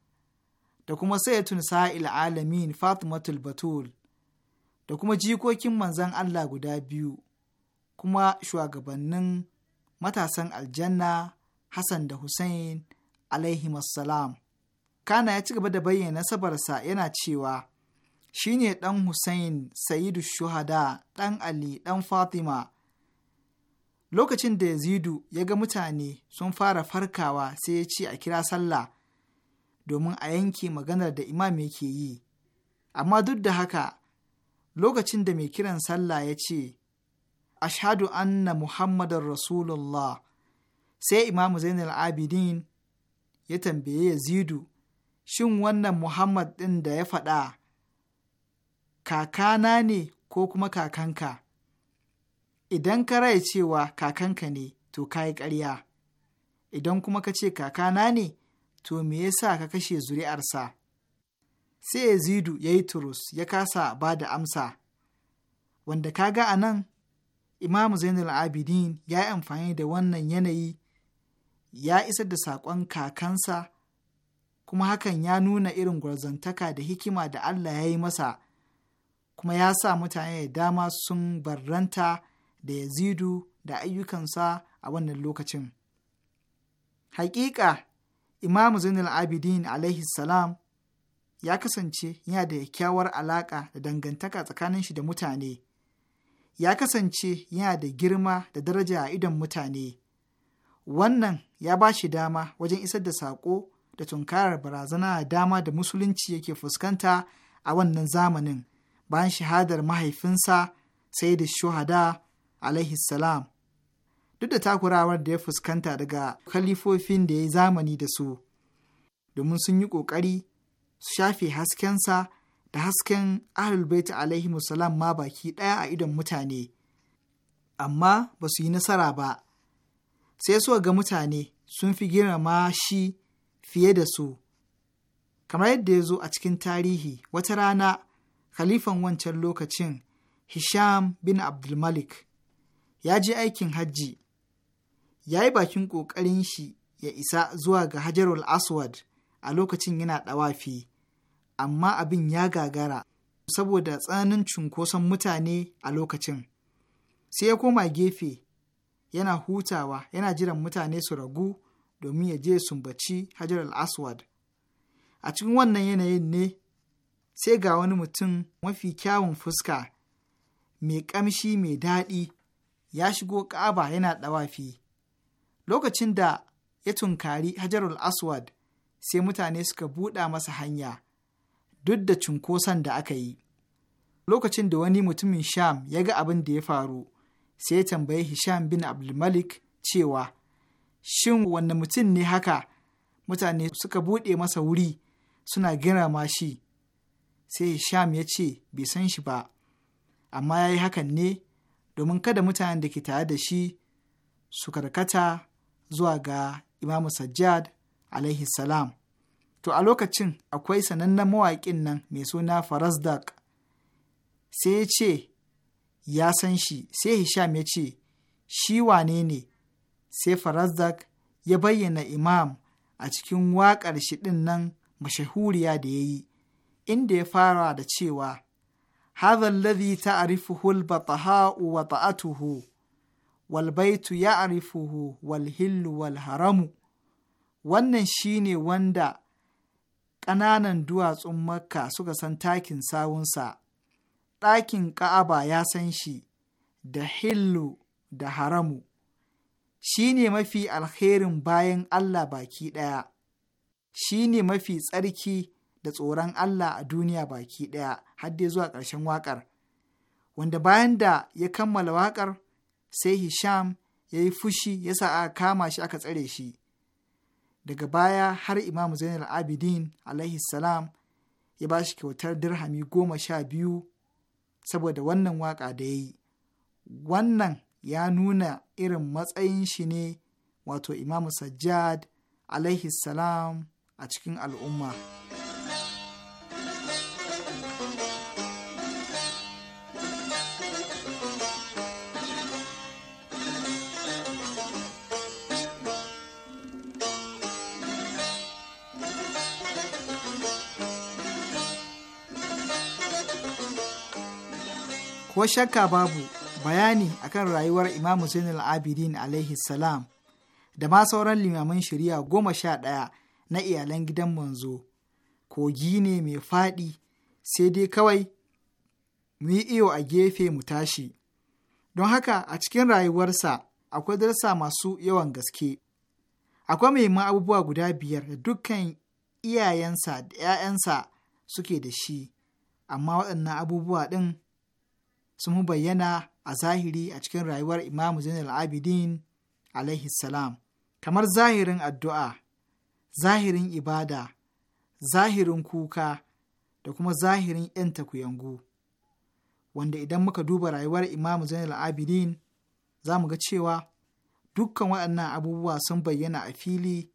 S2: da kuma Sayyatun Sa'il Alamin Fatimatul Batul, da kuma jikokin manzan Allah guda biyu, kuma shugabannin matasan aljanna Hassan da Hussein alaihimassalam. Kana ya ci gaba da bayyana nasabarsa yana cewa shi ne ɗan Hussein Sayidu Shuhada ɗan Ali ɗan Fatima. Lokacin da Yazidu ya ga mutane sun fara farkawa sai ya ce a kira sallah domin a yanke maganar da imam yake yi. Amma duk da haka lokacin da mai kiran sallah ya ce, Ashadu anna Muhammadun Rasulullah sai imamu Zainal Abidin ya tambaye Yazidu, Shin wannan Muhammad ɗin da ya faɗa, kakana ne ko kuma kakanka? Idan ka raya cewa kakanka ne, to ka yi ƙarya, idan kuma ka ce kakana ne, to me yasa ka kashe zuri'arsa? Sai Yazidu ya yi turus ya kasa ba da amsa, wanda ka ga a nan, Imam Zainul Abidin ya yi amfani da wannan yanayi ya isar da saƙon kakansa kuma hakan ya nuna irin gwarzantaka da hikima da Allah ya yi masa kuma ya sa mutane da dama sun barranta da yazidu da ayyukansa a wannan lokacin. Hakika Imam Zainul Abidin alaihi salam ya kasance yana da kyakkyawar alaƙa da dangantaka tsakanin shi da mutane, ya kasance yana da girma da daraja a idon mutane. wannan ya ba shi dama wajen isar da saƙo da tunkarar barazana dama da musulunci yake fuskanta a wannan zamanin bayan shahadar mahaifinsa sai da shuhada alaihi salam duk da takurawar da ya fuskanta daga kalifofin da ya yi zamani da su domin sun yi ƙoƙari su shafe haskensa da hasken ahlulbait alaihi salam ma baki ɗaya a idon mutane amma ba su yi nasara ba sai suka ga mutane sun fi girma shi fiye da su kamar yadda ya zo a cikin tarihi wata rana khalifan wancan lokacin hisham bin abdulmalik ya je aikin hajji ya yi bakin ƙoƙarin shi ya isa zuwa ga hajarul aswad a lokacin yana ɗawafi amma abin ya gagara saboda tsananin cunkoson mutane a lokacin sai ya koma gefe yana hutawa yana jiran mutane su ragu domin ya je sumbaci hajar al-aswad a cikin wannan yanayin ne sai ga wani mutum mafi kyawun fuska mai ƙamshi mai daɗi ya shigo ƙaba yana ɗawafi lokacin da ya tunkari al aswad sai mutane suka buɗa masa hanya duk da cunkoson da aka yi lokacin da wani mutumin sham ya ga abin da ya faru sai ya tambayi Hisham bin Abdulmalik cewa, Shin wanne mutum ne haka mutane suka buɗe masa wuri suna girma shi, sai Hisham ya ce bai san shi ba, amma ya yi hakan ne domin kada mutanen da ke tare da shi su karkata zuwa ga Imamu Sajjad alaihi salam. To a lokacin akwai sanannen mawaƙin nan mai suna Farazdak, sai ya ce ya san shi sai Hisham ya ce, Shi wane ne? Sai Farazzak ya bayyana Imam a cikin waƙar shi ɗin nan mashahuriya da ya yi, inda ya fara da cewa, هذا الذي تعرفه البطهاء وطأته walbaitu يعرفه Walhillu Walharamu. wannan shi ne wanda ƙananan duwatsun makka suka san takin sawunsa ɗakin Ka'aba ya san shi da hillu da haramu, shi ne mafi alherin bayan Allah baki ɗaya, shi ne mafi tsarki da tsoron Allah a duniya baki ɗaya, har dai zuwa ƙarshen waƙar. Wanda bayan da ya kammala waƙar, sai Hisham ya yi fushi ya sa aka kama shi aka tsare shi. Daga baya har Imam Zainal Abidin alaihi salam ya ba shi kyautar dirhami goma sha biyu saboda wannan waƙa da ya yi wannan ya nuna irin matsayin shi ne wato imamu sajjad alaihi salam a cikin al'umma. ko shakka babu bayani akan rayuwar imam Hussein abidin alaihi salam da ma sauran limamin shari'a goma sha ɗaya na iyalan gidan manzo kogi ne mai faɗi sai dai kawai mu yi iyo a gefe mu tashi don haka a cikin rayuwarsa akwai darsa masu yawan gaske akwai muhimman abubuwa guda biyar da dukkan iyayensa da ‘ya'yansa suke da shi amma waɗannan abubuwa ɗin sun bayyana a zahiri a cikin rayuwar imamu zainal abidin alaihi salam kamar zahirin addu'a zahirin ibada zahirin kuka da kuma zahirin ‘yan takuyangu wanda idan muka duba rayuwar imamu zainal abidin za mu ga cewa dukkan waɗannan abubuwa sun bayyana a fili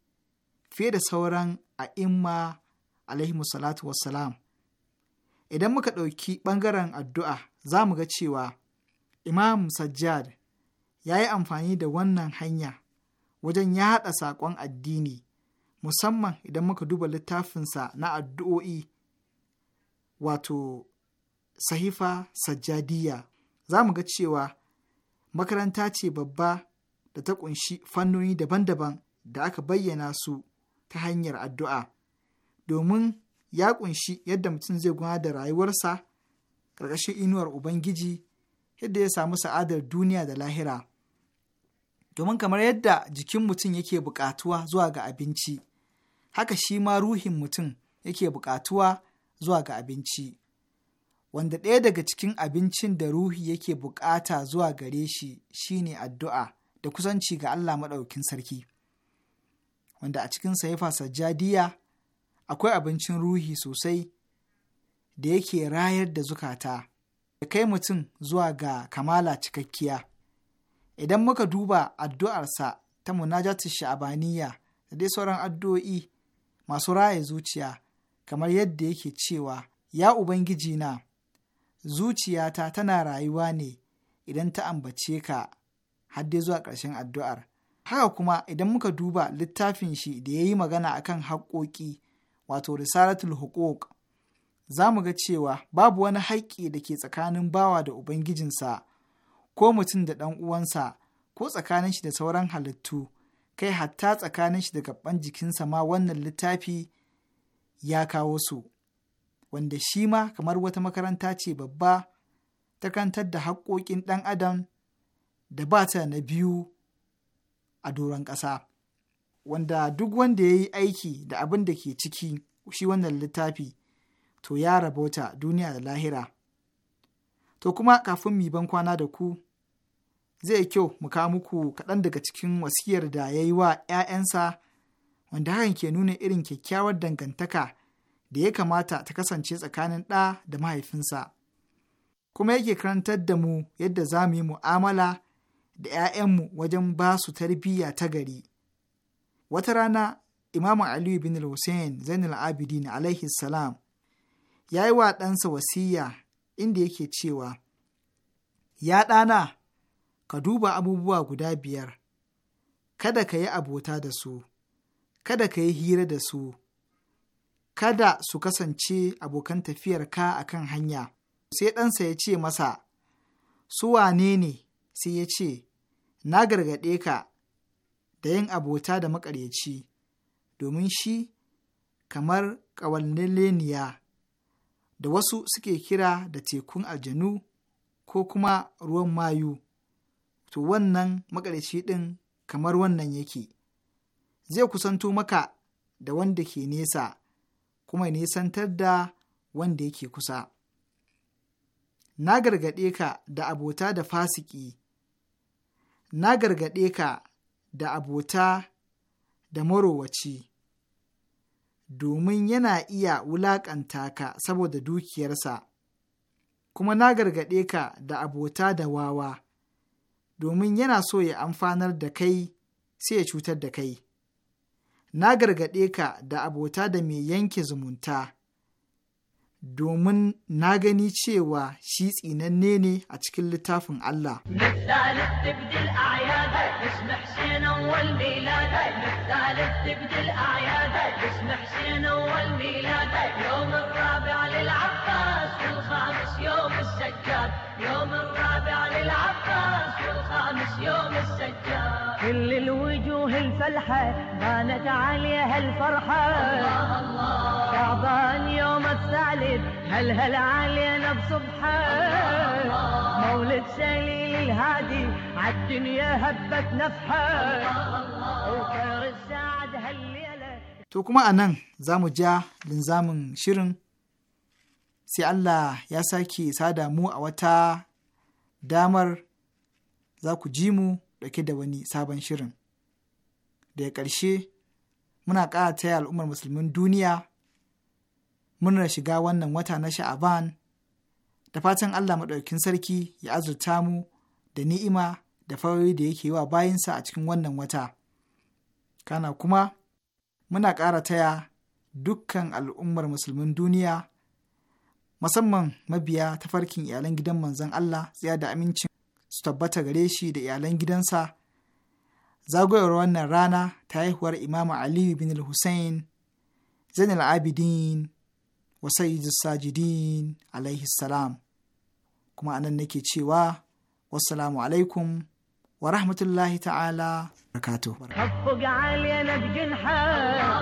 S2: fiye da sauran a imma alaihi salatu wassalam idan muka ɗauki ɓangaren addu'a za mu ga cewa Imam Sajjad ya yi amfani da wannan hanya wajen yaɗa saƙon addini musamman idan muka duba littafinsa na addu'o'i wato sahifa Sajjadiyya. za mu ga cewa makaranta ce babba da ta ƙunshi fannoni daban-daban da aka bayyana su ta hanyar addu'a domin ya ƙunshi yadda mutum zai gudanar da rayuwarsa ƙarƙashin inuwar Ubangiji yadda ya samu sa'adar duniya da lahira. Domin kamar yadda jikin mutum yake buƙatuwa zuwa ga abinci, haka shi ma ruhin mutum yake buƙatuwa zuwa ga abinci. Wanda ɗaya daga cikin abincin da ruhi yake buƙata zuwa gare shi shine addu'a da kusanci ga Allah Maɗaukin Sarki. Wanda a cikin Saifa Sajjadiya akwai abincin ruhi sosai da yake rayar da zukata da kai mutum zuwa ga kamala cikakkiya idan muka duba addu'arsa ta munajatu sha'abaniya da dai sauran addu'o'i masu raya zuciya kamar yadda yake cewa ya ubangiji na zuciyata tana rayuwa ne idan ta ambace ka Haddai zuwa ƙarshen addu'ar haka kuma idan muka duba littafin shi da ya yi magana akan haƙoƙi wato risalatul huquq za mu ga cewa babu wani haƙƙi da ke tsakanin bawa da Ubangijinsa, ko mutum da ɗan uwansa, ko tsakanin shi da sauran halittu, kai hatta tsakanin shi da gaban jikinsa ma wannan littafi ya kawo su, wanda shi ma kamar wata makaranta ce babba ta kantar da haƙƙoƙin ɗan adam da ba ta na biyu a doron ƙasa, wanda duk wanda ya yi aiki da abin da ke ciki shi wannan littafi. to ya wata duniya da lahira. To kuma kafin mu ban kwana da ku, zai kyau mu kawo muku kaɗan daga cikin wasiyar da ya yi wa ‘ya'yansa wanda hakan ke nuna irin kyakkyawar dangantaka da ya kamata ta kasance tsakanin ɗa da mahaifinsa. Kuma yake karantar da mu yadda za mu yi mu'amala da ‘ya'yanmu wajen ba su tarbiyya ta gari. Wata rana, Imam Aliyu bin Hussein Zainul Abidin alaihi salam ya yi wa ɗansa wasiya inda yake cewa, Ya ɗana, ka duba abubuwa guda biyar, kada ka yi abota da su, kada ka yi hira da su, kada su kasance abokan tafiyarka a kan hanya. Sai ɗansa ya ce masa, Su wane ne? Sai ya ce, Na gargaɗe ka da yin abota da maƙaryaci, domin shi kamar ƙawallileniya da wasu suke kira da tekun aljanu ko kuma ruwan mayu to wannan maƙaryaci ɗin kamar wannan yake zai kusanto maka da wanda ke nesa kuma nisantar da wanda yake kusa na gargaɗe ka da abota da fasiki na gargaɗe ka da abota da marowaci domin yana iya wulaƙanta ka saboda dukiyarsa, kuma na gargaɗe ka da abota da wawa, domin yana so ya amfanar da kai sai ya cutar da kai. Na gargaɗe ka da abota da mai yanke zumunta, domin na gani cewa shi tsinanne ne a cikin littafin Allah.
S4: يوم الرابع للعباس والخامس يوم السجاد يوم كل الوجوه الفلحة بانت عليها الفرحة شعبان يوم الثالث هل هل علينا بصبحة مولد سليل الهادي عالدنيا هبت نفحة وخير السعد هالليلة
S2: تو كما a زامو جا mu ja linzamin shirin sai Allah ya sake sada mu a wata damar za ku ji mu ɗauke da wani sabon shirin. Daga ƙarshe, muna ƙara taya al'ummar musulmin duniya muna shiga wannan wata na sha'aban da fatan Allah maɗaukin sarki ya azurta mu da ni'ima da farori da yake wa bayansa a cikin wannan wata. Kana kuma, muna ƙara taya dukkan al'ummar musulmin duniya musamman mabiya tafarkin iyalan gidan manzon Allah tsaya da amincin su tabbata gare shi da iyalan gidansa zagoyar wannan rana ta haihuwar imamu aliyu bin hussein zain al-abidin wa sajidin alaihi salam kuma anan nake cewa wassalamu alaikum wa rahmatullahi ta'ala وبركاته حبك علينا بجنحك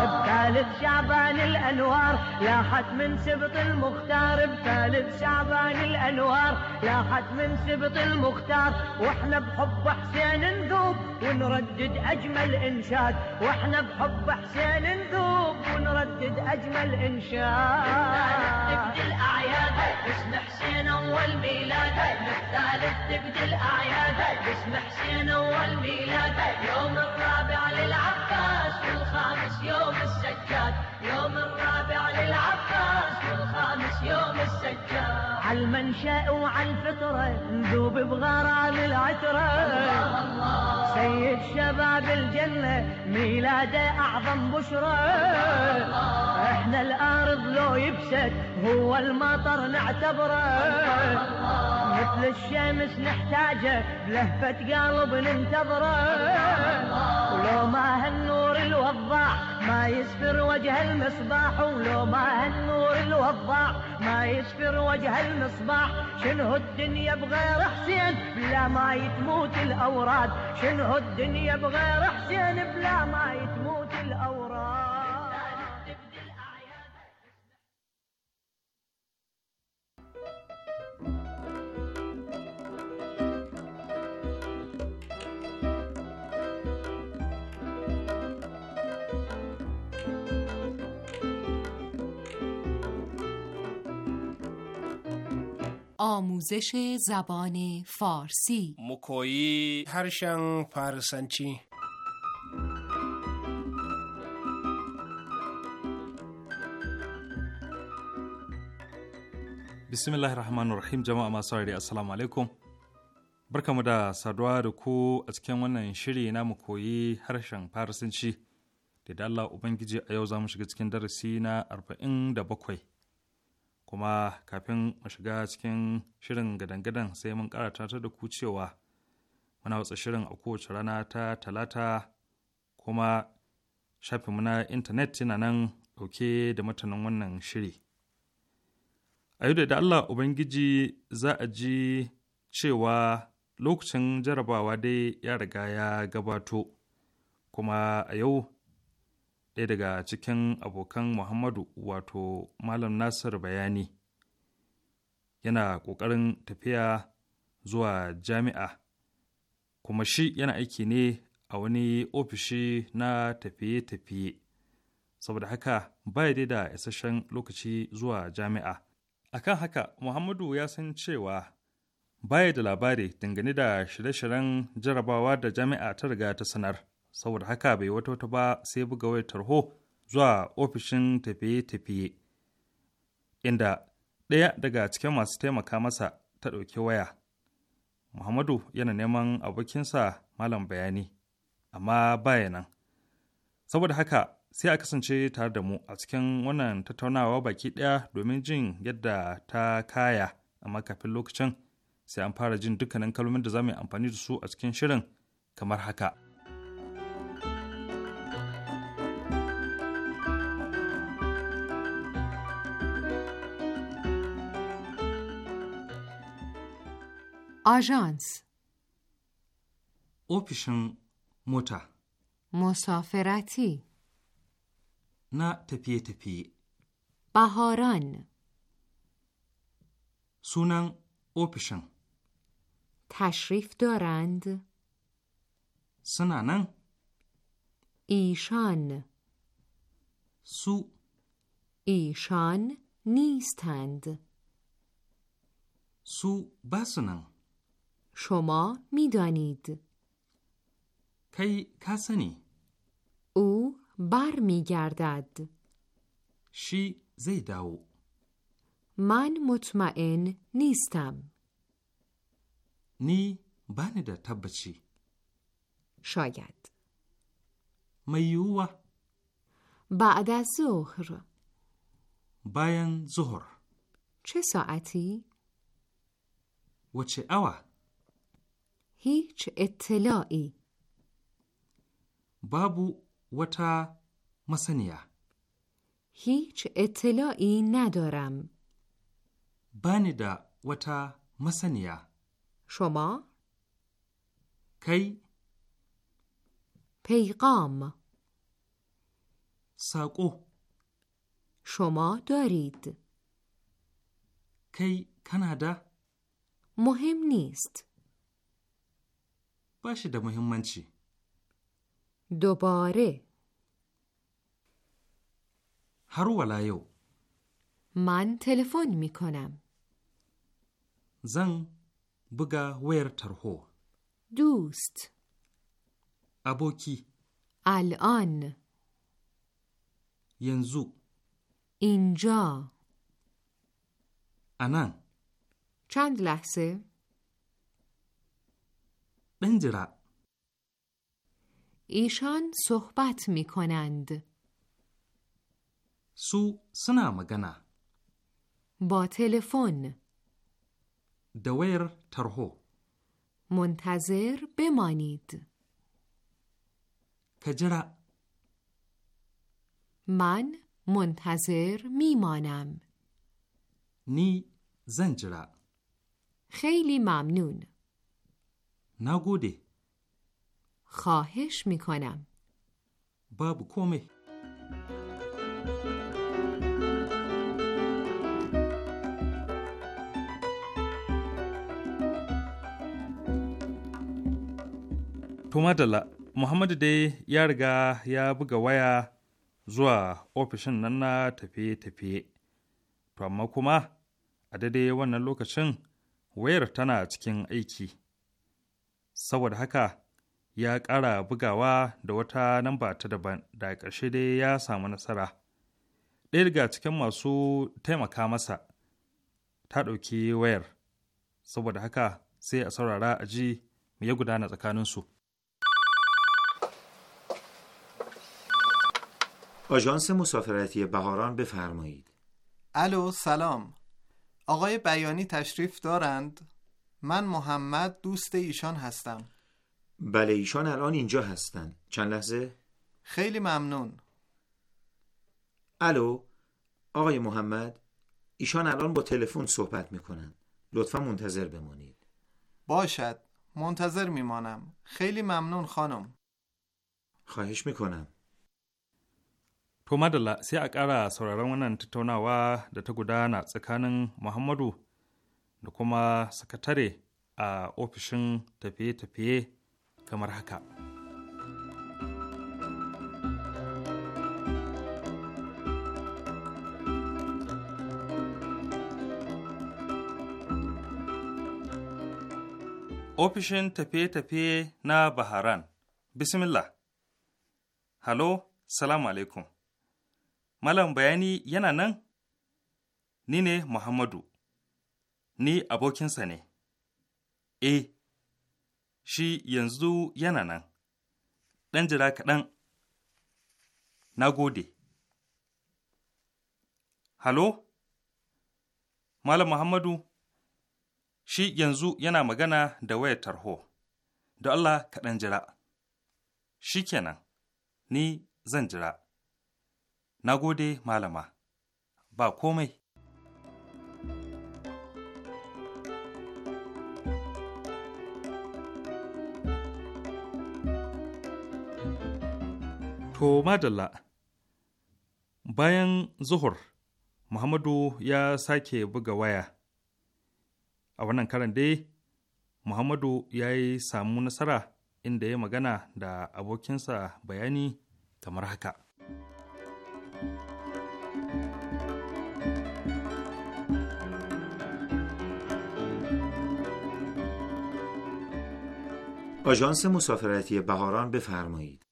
S2: بثالث شعبان الأنوار
S4: لاحت من سبط المختار بثالث شعبان الأنوار لاحت من سبط المختار واحنا بحب حسين نذوب ونردد أجمل إنشاد واحنا بحب حسين نذوب ونردد أجمل إنشاد تبدي الأعياد اسم حسين أول ميلاد الثالث تبدي الأعياد اسم حسين أول ميلاد الولادة يوم الرابع للعباس والخامس يوم السجاد يوم الرابع للعباس والخامس يوم السجاد وعلى وعالفطرة نذوب بغرام العترة سيد شباب الجنة ميلاده أعظم بشرى احنا الأرض لو يبست هو المطر نعتبره مثل الشمس نحتاجه بلهفة قلب ننتظره ولو ما هالنور الوضاح ما يسفر وجه المصباح ولو ما هالنور الوضاع ما يسفر وجه المصباح شنه الدنيا بغير حسين بلا ما يتموت الأوراد شنه الدنيا بغير حسين بلا ما يتموت الأوراد
S5: آموزش زبان
S1: فارسی مکویی هرشن فارسنچی
S3: bismillah rahman rahim jama'a masu saurari alaikum barkamu da saduwa da ku a cikin wannan shiri na mu koyi harshen farisanci da Allah ubangiji a yau za mu shiga cikin darasi na arba'in da bakwai. kuma kafin mu shiga cikin shirin gadangadan sai mun karata ta da ku cewa muna watsa shirin a kowace rana ta talata kuma shafinmu na intanet yana nan dauke da mutanen wannan shiri a yau da allah ubangiji za a ji cewa lokacin jarabawa dai ya riga ya gabato kuma a yau ɗaya daga cikin abokan muhammadu wato malam nasir bayani yana ƙoƙarin tafiya zuwa jami'a kuma shi yana aiki ne a wani ofishi na tafiye-tafiye saboda haka ba ya da isasshen lokaci zuwa jami'a akan haka muhammadu ya san cewa baya da labari dangane da shirye-shiryen jarabawa da jami'a ta riga ta sanar saboda haka bai wata wata ba sai buga wayar tarho zuwa ofishin tafiye-tafiye inda ɗaya daga cikin masu taimaka masa ta ɗauki waya muhammadu yana neman abokinsa malam bayani amma baya nan saboda haka sai a kasance tare da mu a cikin wannan tattaunawa baki ɗaya domin jin yadda ta kaya amma kafin lokacin sai an fara jin dukkanin kalmomin da za mu yi amfani da su a cikin shirin kamar haka.
S5: آژانس
S3: اوپیشن موتا
S5: مسافرتی
S3: نه تپیه تپیه بهاران سونن اوپیشن
S5: تشریف دارند سنانن ایشان سو ایشان نیستند
S3: سو بسنن
S5: شما میدانید
S3: کی کسنی
S5: او بر می گردد
S3: شی زیدو
S5: من مطمئن نیستم
S3: نی بانی تب تبچی شاید میوه
S5: بعد از ظهر
S3: باین ظهر
S5: چه ساعتی؟
S3: و چه اوه
S5: هیچ اطلاعی
S3: بابو وتا مسنیا
S5: هیچ اطلاعی ندارم
S3: باندا وتا مسنیا شما کی پیغام
S5: ساقو شما دارید کی کانادا مهم نیست
S3: ba
S5: دوباره
S3: هر یو
S5: من تلفن میکنم.
S3: زن بگا ویر ترهو
S5: دوست
S3: ابوکی
S5: الان ینزو اینجا انان چند لحظه بنجرا ایشان صحبت می کنند
S3: سو سنا مگنا
S5: با تلفن
S3: دویر ترهو
S5: منتظر بمانید کجرا من منتظر میمانم
S3: نی زنجرا
S5: خیلی ممنون نگوده خواهش میکنم
S3: باب کومه To madalla, Muhammadu dai ya riga ya buga waya zuwa ofishin nan na tafiye-tafiye. To amma kuma a daidai wannan lokacin wayar tana cikin aiki. saboda haka ya ƙara bugawa da wata namba ta daban da ƙarshe dai ya samu nasara ɗaya daga cikin masu taimaka masa ta ɗauki wayar saboda haka sai a saurara a ji ya gudana tsakaninsu
S6: آژانس مسافرتی بهاران بفرمایید الو سلام آقای بیانی تشریف دارند من محمد دوست ایشان هستم بله ایشان الان اینجا هستن چند لحظه؟ خیلی ممنون الو آقای محمد ایشان الان با تلفن صحبت میکنن لطفا منتظر بمانید باشد منتظر میمانم خیلی ممنون خانم خواهش
S3: میکنم تو سی سی a ƙara sauraron wannan و da محمدو da kuma sakatare a ofishin tafiye-tafiye kamar haka. Ofishin tafiye-tafiye na Baharan Bismillah Halo, salamu alaikum. Malam bayani yana nan? Ni ne Muhammadu. ni abokinsa ne. e shi yanzu yana nan ɗan jira kaɗan na gode halo malam muhammadu shi yanzu yana magana da wayar tarho da allah kaɗan jira shi kenan ni zan jira na gode malama ba komai To madalla, bayan zuhur, Muhammadu ya sake buga waya. A wannan karan dai, Muhammadu ya yi samu nasara inda ya magana da abokinsa bayani kamar haka.
S6: آژانس مسافرتی بهاران بفرمایید.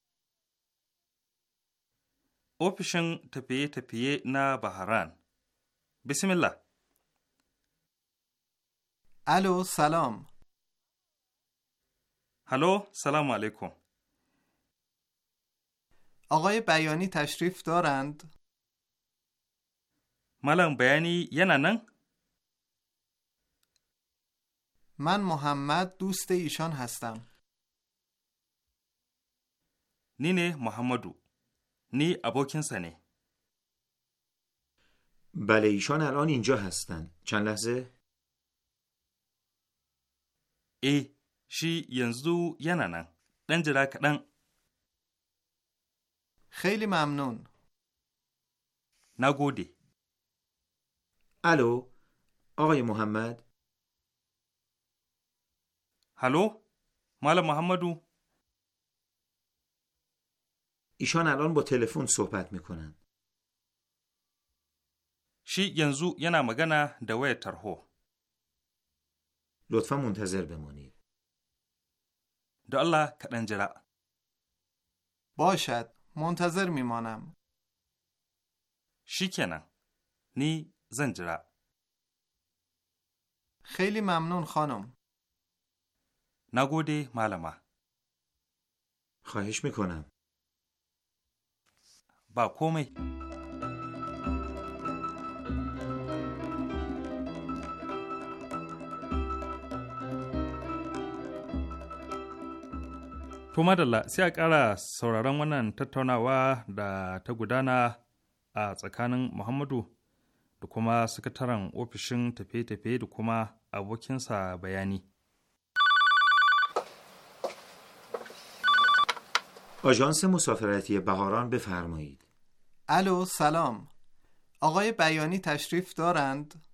S3: ofishin tafiye تپیه نا بهاران. بسم الله الو سلام هلو سلام علیکم
S6: آقای بیانی تشریف دارند؟ ملم بیانی یه ننن؟ من محمد دوست ایشان هستم نینه محمدو نی ابوکنسه نه بله ایشان الان اینجا هستن چند لحظه ای شی ینزو یننن دن رنگ. خیلی ممنون نگودی الو آقای محمد هلو مال محمدو ایشان الان با تلفن صحبت میکنن شی
S3: ینزو ینا مگنا دوی ترهو
S6: لطفا منتظر بمانید دو الله کدنجرا باشد منتظر میمانم شی کنا نی زنجرا خیلی ممنون خانم نگودی معلمه خواهش میکنم
S3: ba komai To madalla sai a ƙara sauraron wannan tattaunawa da ta gudana a tsakanin Muhammadu da kuma sakataren ofishin tafe-tafe da kuma abokinsa bayani.
S6: آژانس مسافرتی بهاران بفرمایید. الو سلام آقای بیانی تشریف دارند؟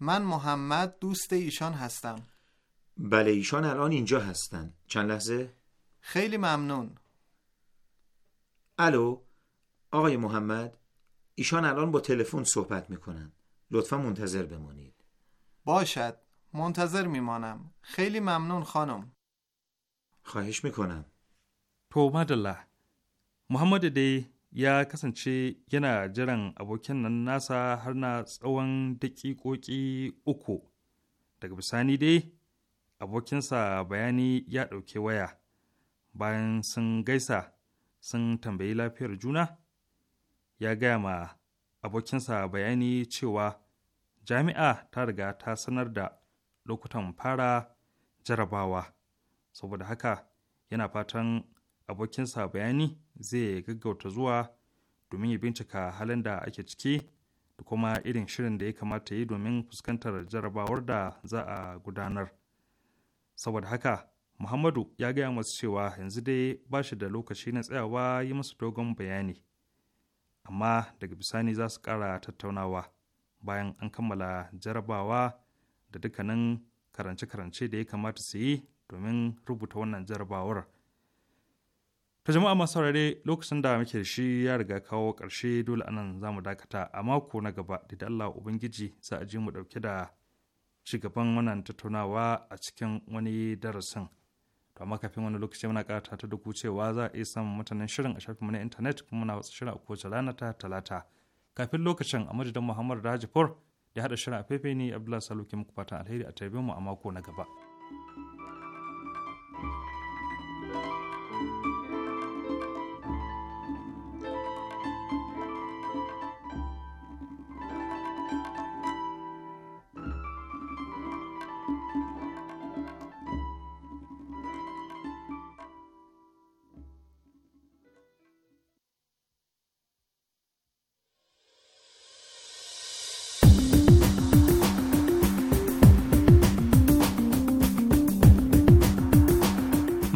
S6: من محمد دوست ایشان هستم بله ایشان الان اینجا هستند چند لحظه؟ خیلی ممنون الو آقای محمد ایشان الان با تلفن صحبت میکنند لطفا منتظر بمانید باشد منتظر میمانم خیلی ممنون خانم خواهش میکنم تو الله
S3: محمد دی ya kasance yana jiran abokin nan nasa har na tsawon daƙiƙoƙi uku daga bisani dai abokinsa bayani ya ɗauki waya bayan sun gaisa sun tambayi lafiyar juna ya gaya ma abokinsa bayani cewa jami'a ta riga ta sanar da lokutan fara jarabawa saboda haka yana fatan abokinsa bayani zai gaggauta zuwa domin ya bincika halin da ake ciki da kuma irin shirin da ya kamata yi domin fuskantar jarabawar da za a gudanar saboda haka muhammadu ya gaya masu cewa yanzu dai ba shi da lokaci na tsayawa yi masu dogon bayani amma daga bisani za su ƙara tattaunawa bayan an kammala jarabawa da dukkanin karance-karance da ya kamata su yi domin rubuta wannan jarabawar. ta jama'a masu saurare lokacin da muke shi ya riga kawo ƙarshe dole anan za mu dakata a mako na gaba da Allah ubangiji za a ji mu dauke da shugaban wannan tattaunawa a cikin wani darasin to amma kafin wani lokaci muna karata ta duk cewa za a iya samun mutanen shirin a shafinmu na intanet kuma muna wasu shirin a kowace rana ta talata kafin lokacin a madadin muhammadu rajifor da haɗa shirin a fefe ne abdullahi saluki muku fatan alheri a tarbe mu a mako na gaba.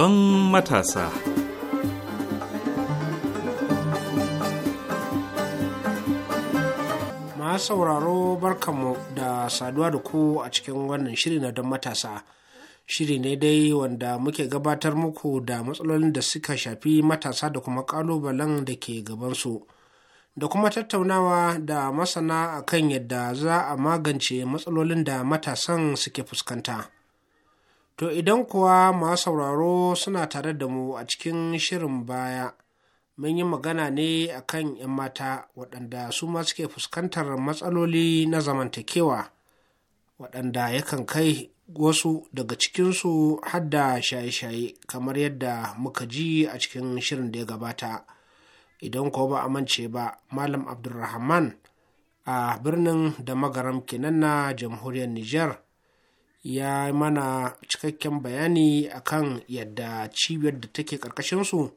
S3: don matasa.
S1: Ma sauraro barkanmu da saduwa da ku a cikin wannan shiri na don matasa. Shiri ne dai wanda muke gabatar muku da matsalolin da suka shafi matasa da kuma ƙalubalen da ke gabansu. Da kuma tattaunawa da masana a kan yadda za a magance matsalolin da matasan suke fuskanta. To idan kuwa masu sauraro suna tare da mu a cikin shirin baya, mun yi magana ne a kan 'yan mata waɗanda su ma suke fuskantar matsaloli na zamantakewa, waɗanda yakan kai wasu daga cikinsu hadda shaye-shaye kamar yadda muka ji a cikin shirin da ya gabata. Idan kuwa ba amince ba, Malam Abdulrahman a birnin da magaram kenan na jamhuriyar Nijar. ya mana cikakken bayani akan yadda cibiyar da take ƙarƙashinsu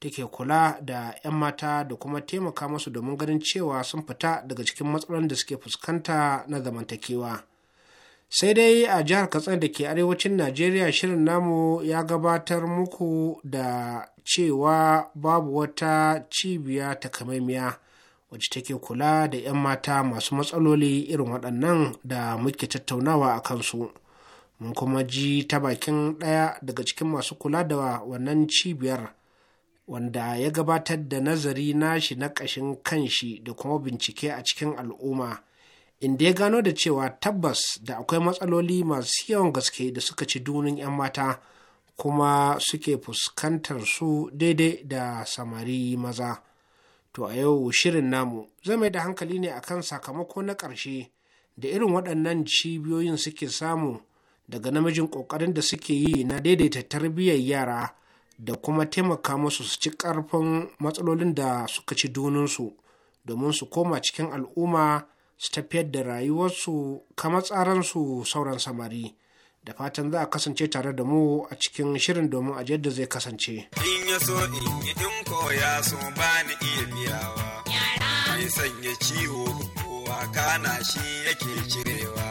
S1: take kula da 'yan mata da kuma taimaka masu domin ganin cewa sun fita daga cikin matsalolin da suke fuskanta na zamantakewa sai dai a jihar katsina da ke arewacin najeriya shirin namu ya gabatar muku da cewa babu wata cibiya takamaimiya wacce take kula da 'yan mata masu matsaloli irin waɗannan da muke tattaunawa a kansu mun kuma ji ta bakin ɗaya daga cikin masu kula da wannan cibiyar wanda ya gabatar da nazari nashi na ƙashin kanshi da kuma bincike a cikin al'umma inda ya gano da cewa tabbas da akwai matsaloli masu yawan gaske da suka ci dunin 'yan mata kuma suke fuskantar su daidai da samari maza. To a yau shirin namu zai mai da hankali ne akan sakamako na ƙarshe da irin waɗannan cibiyoyin suke samu daga namijin ƙoƙarin da suke yi na daidaita tarbiyyar yara da kuma taimaka musu su ci ƙarfin matsalolin da suka ci doninsu domin su koma cikin al'umma su tafiyar da rayuwarsu kama tsaransu sauran samari. da fatan za a kasance tare da mu a cikin shirin domin a yadda zai kasance.
S7: In ya so in yi in koya so ba ni iya miyawa. Mai sanya ciwo kowa kana shi yake cirewa.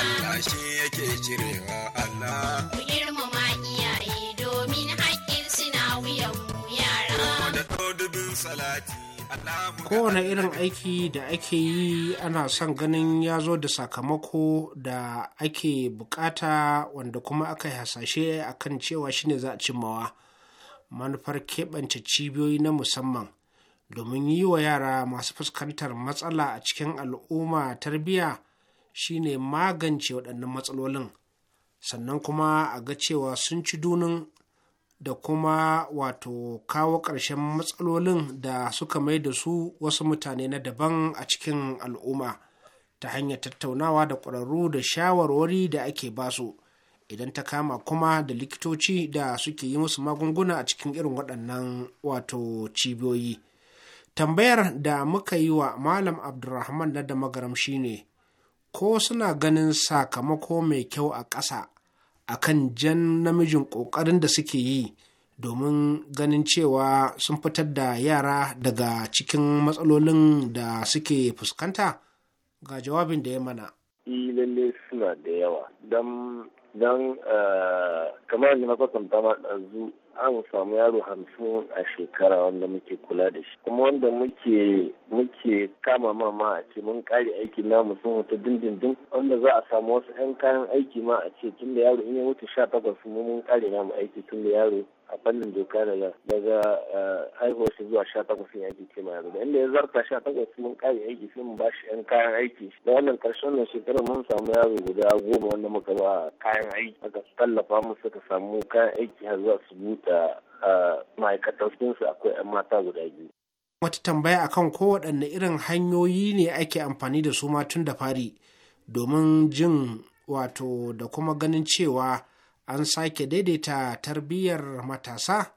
S7: Allah shi yake cirewa Allah. Ku
S8: girmama iyaye domin haƙƙin suna wuyan mu
S7: yara. Da salati.
S1: kowane irin aiki da ake yi ana son ganin ya zo da sakamako da ake bukata wanda kuma aka yi hasashe a kan cewa shine za a cimmawa manufar keɓance cibiyoyi na musamman domin yi wa yara masu fuskantar matsala a cikin al'umma tarbiyya shine magance waɗannan matsalolin sannan kuma a ga cewa sun ci dunin da kuma wato kawo ƙarshen matsalolin da suka mai da su wasu mutane na daban a cikin al'umma ta hanyar tattaunawa da ƙwararru da shawarwari da ake basu idan ta kama kuma da likitoci da suke yi musu magunguna a cikin irin waɗannan wato cibiyoyi tambayar da muka yi wa malam abdulrahman na da magaram shine ko suna ganin sakamako mai kyau a ƙasa a kan jan namijin ƙoƙarin da suke yi domin ganin cewa sun fitar da yara daga cikin matsalolin da suke fuskanta ga jawabin da ya mana.
S9: lalle suna da yawa don don eh, kamar da na kwatanta ma ɗazu an samu yaro hamsin a shekara wanda muke kula da shi kuma wanda muke muke kama mama a ce mun kare aikin namu sun wuta dindindin wanda za a samu wasu 'yan kayan aiki ma a ce tun da yaro in ya wuce sha takwas mu mun kare namu aiki tun da yaro a fannin doka daga daga eh, haihuwar shi zuwa sha takwas ya aiki ce ma yaro da inda ya zarta sha takwas mun kare aiki sai mu bashi 'yan kayan aiki da wannan karshen nan shekarar mun samu yaro guda goma wanda muka ba kayan aiki aka tallafa mu suka samu kayan aiki har zuwa su buta eh, ma'aikatar su akwai 'yan mata guda biyu.
S1: wata tambaya akan kowaɗanne irin hanyoyi ne ake amfani da su tun da fari domin jin wato da kuma ganin cewa an sake daidaita tarbiyyar matasa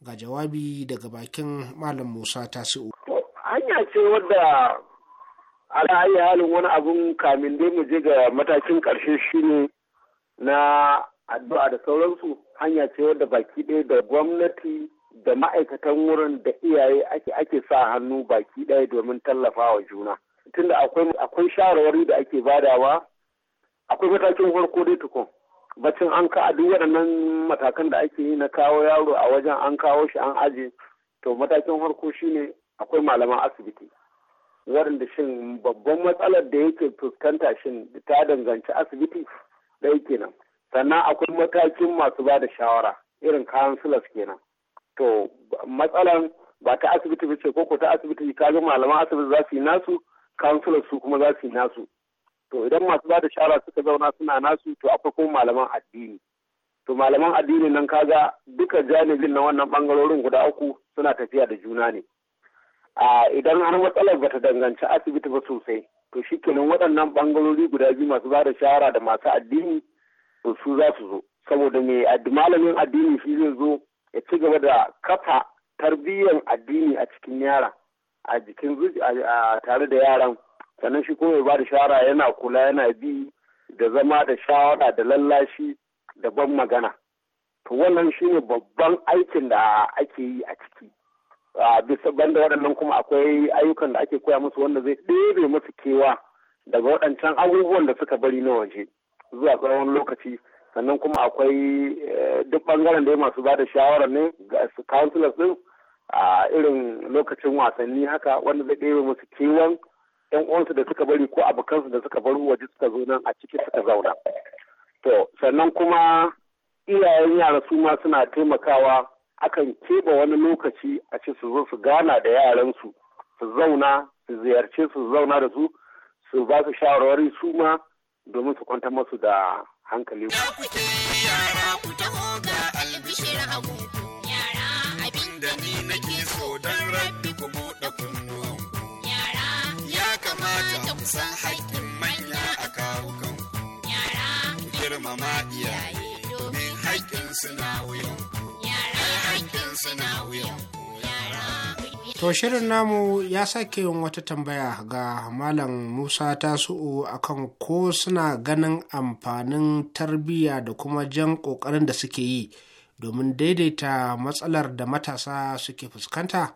S1: ga jawabi daga bakin malam musa tasi'u.
S9: hanya ce wadda ala'ayi halin wani abun kamin dai mu je ga matakin ƙarshe shine na addu'a da sauransu hanya ce wadda baki ɗaya da gwamnati da ma'aikatan wurin da iyaye ake ake sa hannu baki ɗaya domin tallafa wa juna tunda akwai akwai shawarwari da ake badawa akwai matakin farko dai tukun bacin an ka a duk waɗannan matakan da ake yi na kawo yaro a wajen an kawo shi an aje to matakin farko shine akwai malaman asibiti waɗanda shin babban matsalar da yake fuskanta shin ta danganci asibiti ɗaya kenan sannan akwai matakin masu ba da shawara irin kayan silas kenan to matsalan ba ta asibiti ba ce ko ta asibiti ka ga malaman asibiti za su yi nasu kansular su kuma za su yi nasu to idan masu ba da shara suka zauna suna nasu to akwai kuma malaman addini to malaman addini nan kaga duka janibin na wannan bangarorin guda uku suna tafiya da juna ne a idan an matsalar bata danganci asibiti ba sosai to shikenan waɗannan bangarori guda biyu masu ba da shara da masu addini to su za su zo saboda mai malamin addini shi zai zo ya ci gaba da kafa tarbiyyar addini a cikin yara a jikin tare da yaran sannan shi kuma ya ba da shara yana kula yana bi da zama da shawara da lallashi da ban magana to wannan shine babban aikin da ake yi a ciki bisa banda waɗannan kuma akwai ayyukan da ake koya musu wanda zai ɗebe musu kewa daga waɗancan abubuwan da suka bari na waje zuwa tsawon lokaci sannan kuma akwai eh, duk bangaren da masu ba da shawara ne ga su councilors din a irin lokacin wasanni haka wanda zai ɗaya musu kewan yan uwansu da suka bari ko abokansu da suka bar waje suka zo nan a ciki suka zauna to sannan kuma iyayen yara su ma suna taimakawa akan keɓe wani lokaci a ce su zo su gana da yaransu su zauna su ziyarce su zauna da su su ba su shawarwari su ma domin su kwantar masu da hankali.
S10: yara
S7: ku taho ga albishir hagu yara abin da ni nake so don rabbi ku buɗe kunnuwanku. Yara ya kamata ku san haƙƙin manya a kawukan. Yara ku girmama iyaye domin haƙƙin suna wuyan. Yara haƙƙin suna wuyan.
S1: To shirin namu ya sake yin wata tambaya ga Malam Musa ta Tasu'u akan ko suna ganin amfanin tarbiyya da kuma jan ƙoƙarin da suke yi domin daidaita matsalar da matasa suke fuskanta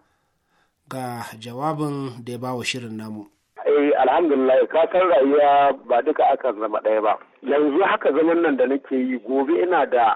S1: ga jawabin da ya bawa shirin namu.
S9: Eh alhamdulillah ka san rayuwa ba duka akan zama ɗaya ba. Yanzu haka zaman nan da nake yi gobe ina da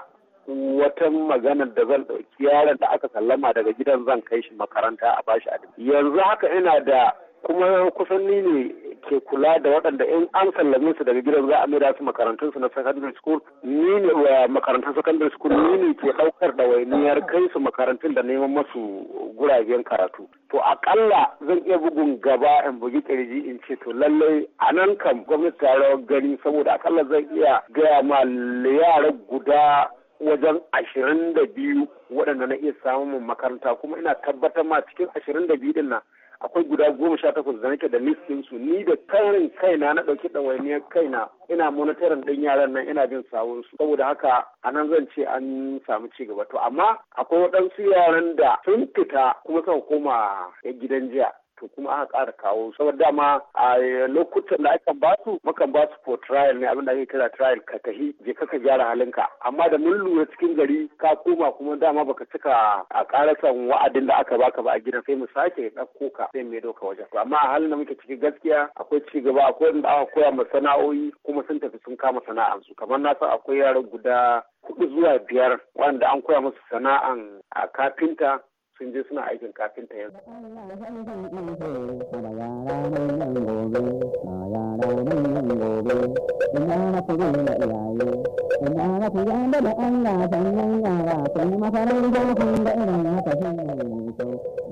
S9: wata magana da zan ɗauki yaron da aka sallama daga gidan zan kai shi makaranta a bashi adimi yanzu haka ina da kuma kusan ni ne ke kula da waɗanda in an sallame su daga gidan za a maida su makarantun su na secondary school ni ne wa makarantun secondary school ni ne ke ɗaukar da ɗawainiyar kai su makarantun da neman masu guragen karatu to aƙalla zan iya bugun gaba in bugi ƙirji in ce to lallai a nan kam gwamnati ta rawar gani saboda aƙalla zan iya gaya ma yara guda wajen ashirin da biyu waɗanda na iya samun makaranta kuma ina tabbatar ma cikin ashirin da biyu dinnan, akwai guda goma sha takwas da nake da listin su ni da karin kaina na ɗauki ɗawainiyar kaina ina monitorin ɗin yaran nan ina bin sawun su saboda haka anan zan ce an samu ci gaba to amma akwai waɗansu yaran da sun fita kuma suka koma gidan jiya to kuma aka ƙara kawo saboda dama a lokutan da aka ba su basu ba for trial ne abinda ake kira trial ka tahi je ka gyara halin ka. amma da mun lura cikin gari ka koma kuma dama baka cika a karasan wa'adin da aka baka ba a gidan sai mu sake ɗauko ka sai mai doka wajen amma a halin da muke ciki gaskiya akwai ci gaba akwai wanda aka koya ma sana'o'i kuma sun tafi sun kama sana'ansu kamar na san akwai yaran guda huɗu zuwa biyar wanda an koya musu sana'an a kafinta sun je suna aikin kafinta yanzu.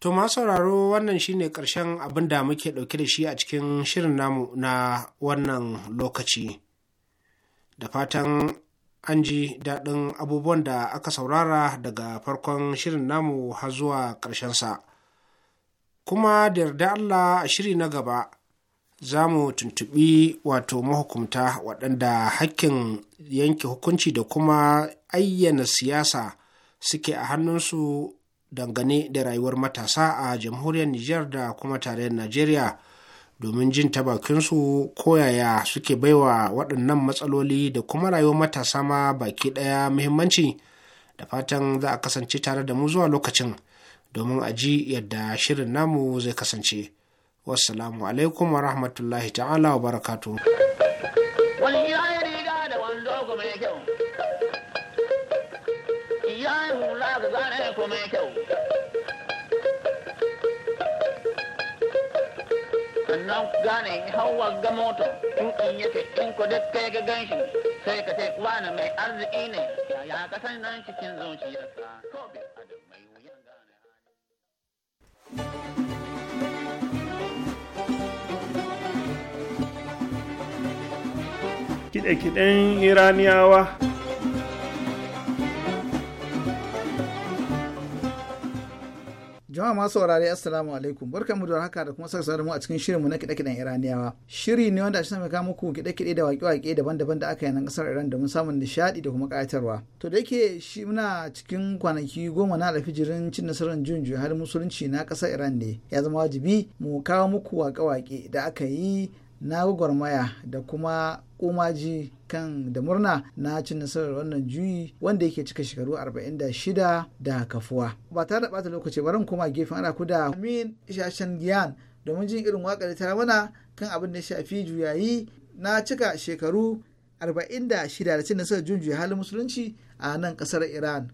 S1: To ma sauraro wannan shine karshen abin da muke ɗauke da shi a cikin shirin namu na wannan lokaci. Da fatan an ji daɗin abubuwan da aka saurara daga farkon shirin namu har zuwa ƙarshen sa. Kuma da yarda Allah a shiri na gaba za mu tuntuɓi wato mahukumta waɗanda hakkin yanke hukunci da kuma ayyana siyasa suke a hannunsu dangane da rayuwar matasa a jamhuriyar Nijar da kuma tarayyar Najeriya domin jin ta bakinsu yaya suke baiwa waɗannan matsaloli da kuma rayuwar matasa ma baki ɗaya muhimmanci da fatan za a kasance tare da mu zuwa lokacin domin a ji yadda shirin namu zai kasance wassalamu alaikum wa rahmatullahi ta'ala wa barakatu
S8: Ya yi hula ga zane sannan gane hawa ga moto tukan yake in ko duk kai ga ganshi sai ka ce wani mai arziki ne ya ka san nan cikin zuciyarsa ko bi adam mai wuyan
S7: gane kiɗe-kiɗen iraniyawa
S2: Jama'a masu saurare Assalamu alaikum. Barkanmu da haka da kuma saka mu a cikin shirinmu na kiɗe-kiɗen Iraniyawa. Shiri ne wanda a cikin kawo muku kiɗe-kiɗe da waƙe-waƙe daban-daban da aka yi nan kasar Iran domin samun nishaɗi da kuma ƙayatarwa. To da yake shi muna cikin kwanaki goma na alfijirin cin nasarar jin har musulunci na ƙasar Iran ne. Ya zama wajibi mu kawo muku waƙe-waƙe da aka yi na gwagwarmaya da kuma komaji kan da murna na cin nasarar wannan juyi wanda yake cika shekaru 46 da kafuwa ba tare da bata lokaci barin koma gefen ana da amin shashen giyan domin jin irin waƙar ta mana kan abin da shafi juyayi na cika shekaru 46 da cin nasarar jin halin musulunci a nan kasar iran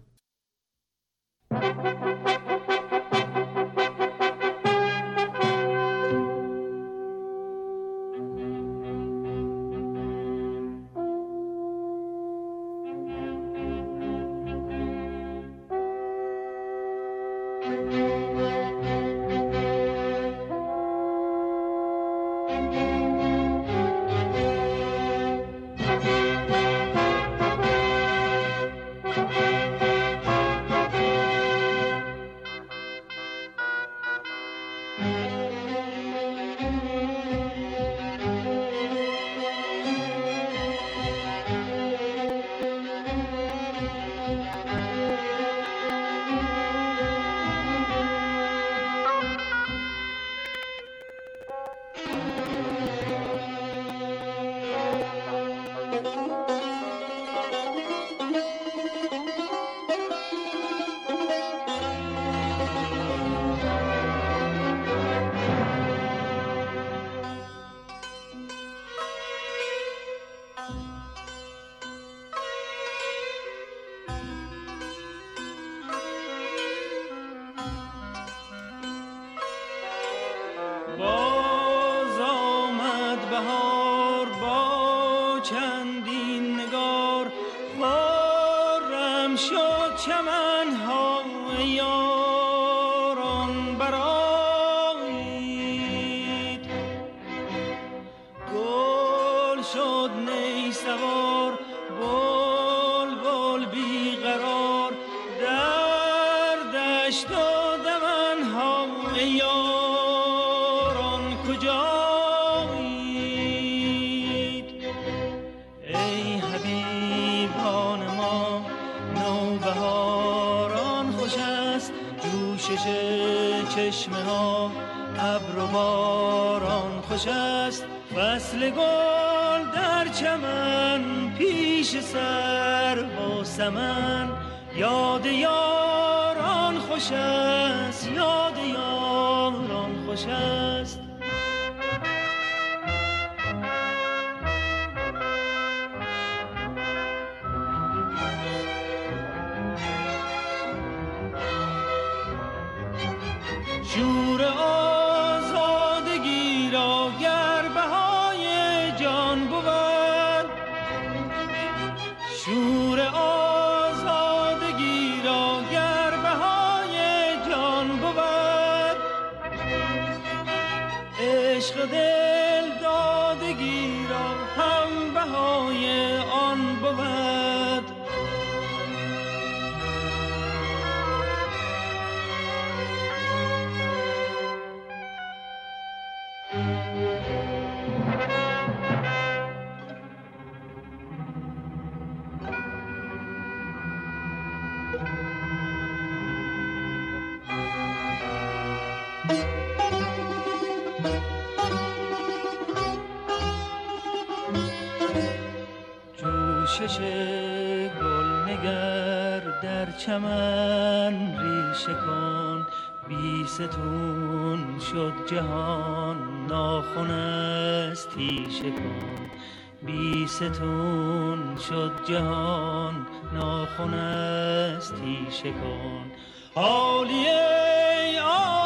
S8: شکن بی ستون شد جهان ناخونستی شکن حالی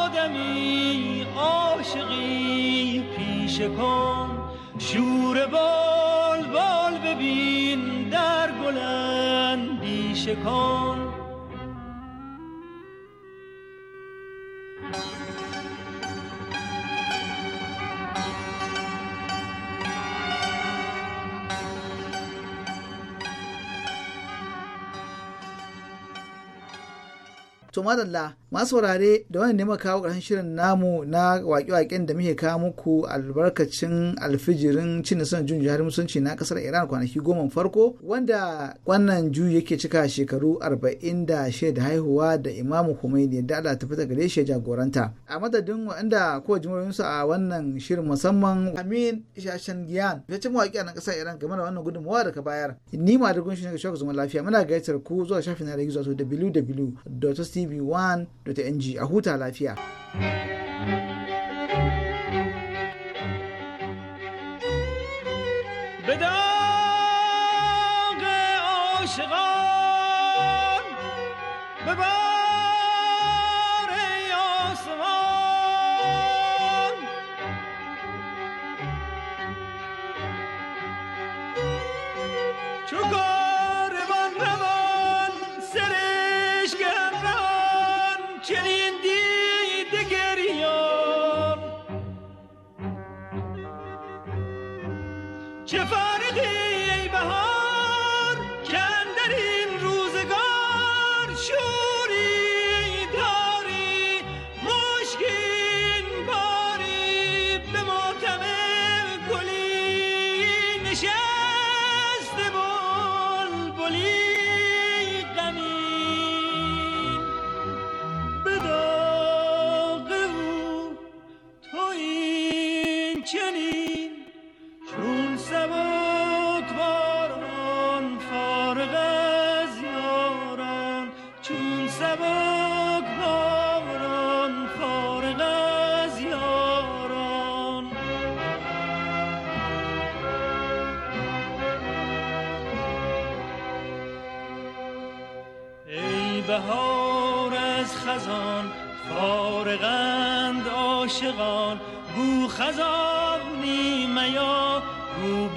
S8: آدمی عاشقی پیش کن شور بال بال ببین در بلند شکن کن
S2: ثم الله masu saurare da wani nema kawo ƙarshen shirin namu na waƙe-waƙen da muke kawo muku albarkacin alfijirin cin son jun jihar musulunci na ƙasar iran kwanaki goma farko wanda wannan ju yake cika shekaru arba'in da shaida haihuwa da imamu khomeini da allah tafi daga gare shi jagoranta a madadin waɗanda ko su a wannan shirin musamman amin shashan giyan ya ci mawaƙi na ƙasar iran game da wannan gudunmawa da ka bayar ni ma da gunshi ne ga shaka lafiya muna gaitar ku zuwa shafin na da gizo www.tv1 With NG a huta lafiya.
S8: Bye-bye. چه فرقی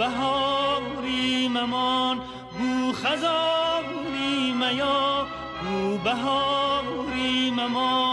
S8: بهاری ممان بو خزاری میا بو بهاری ممان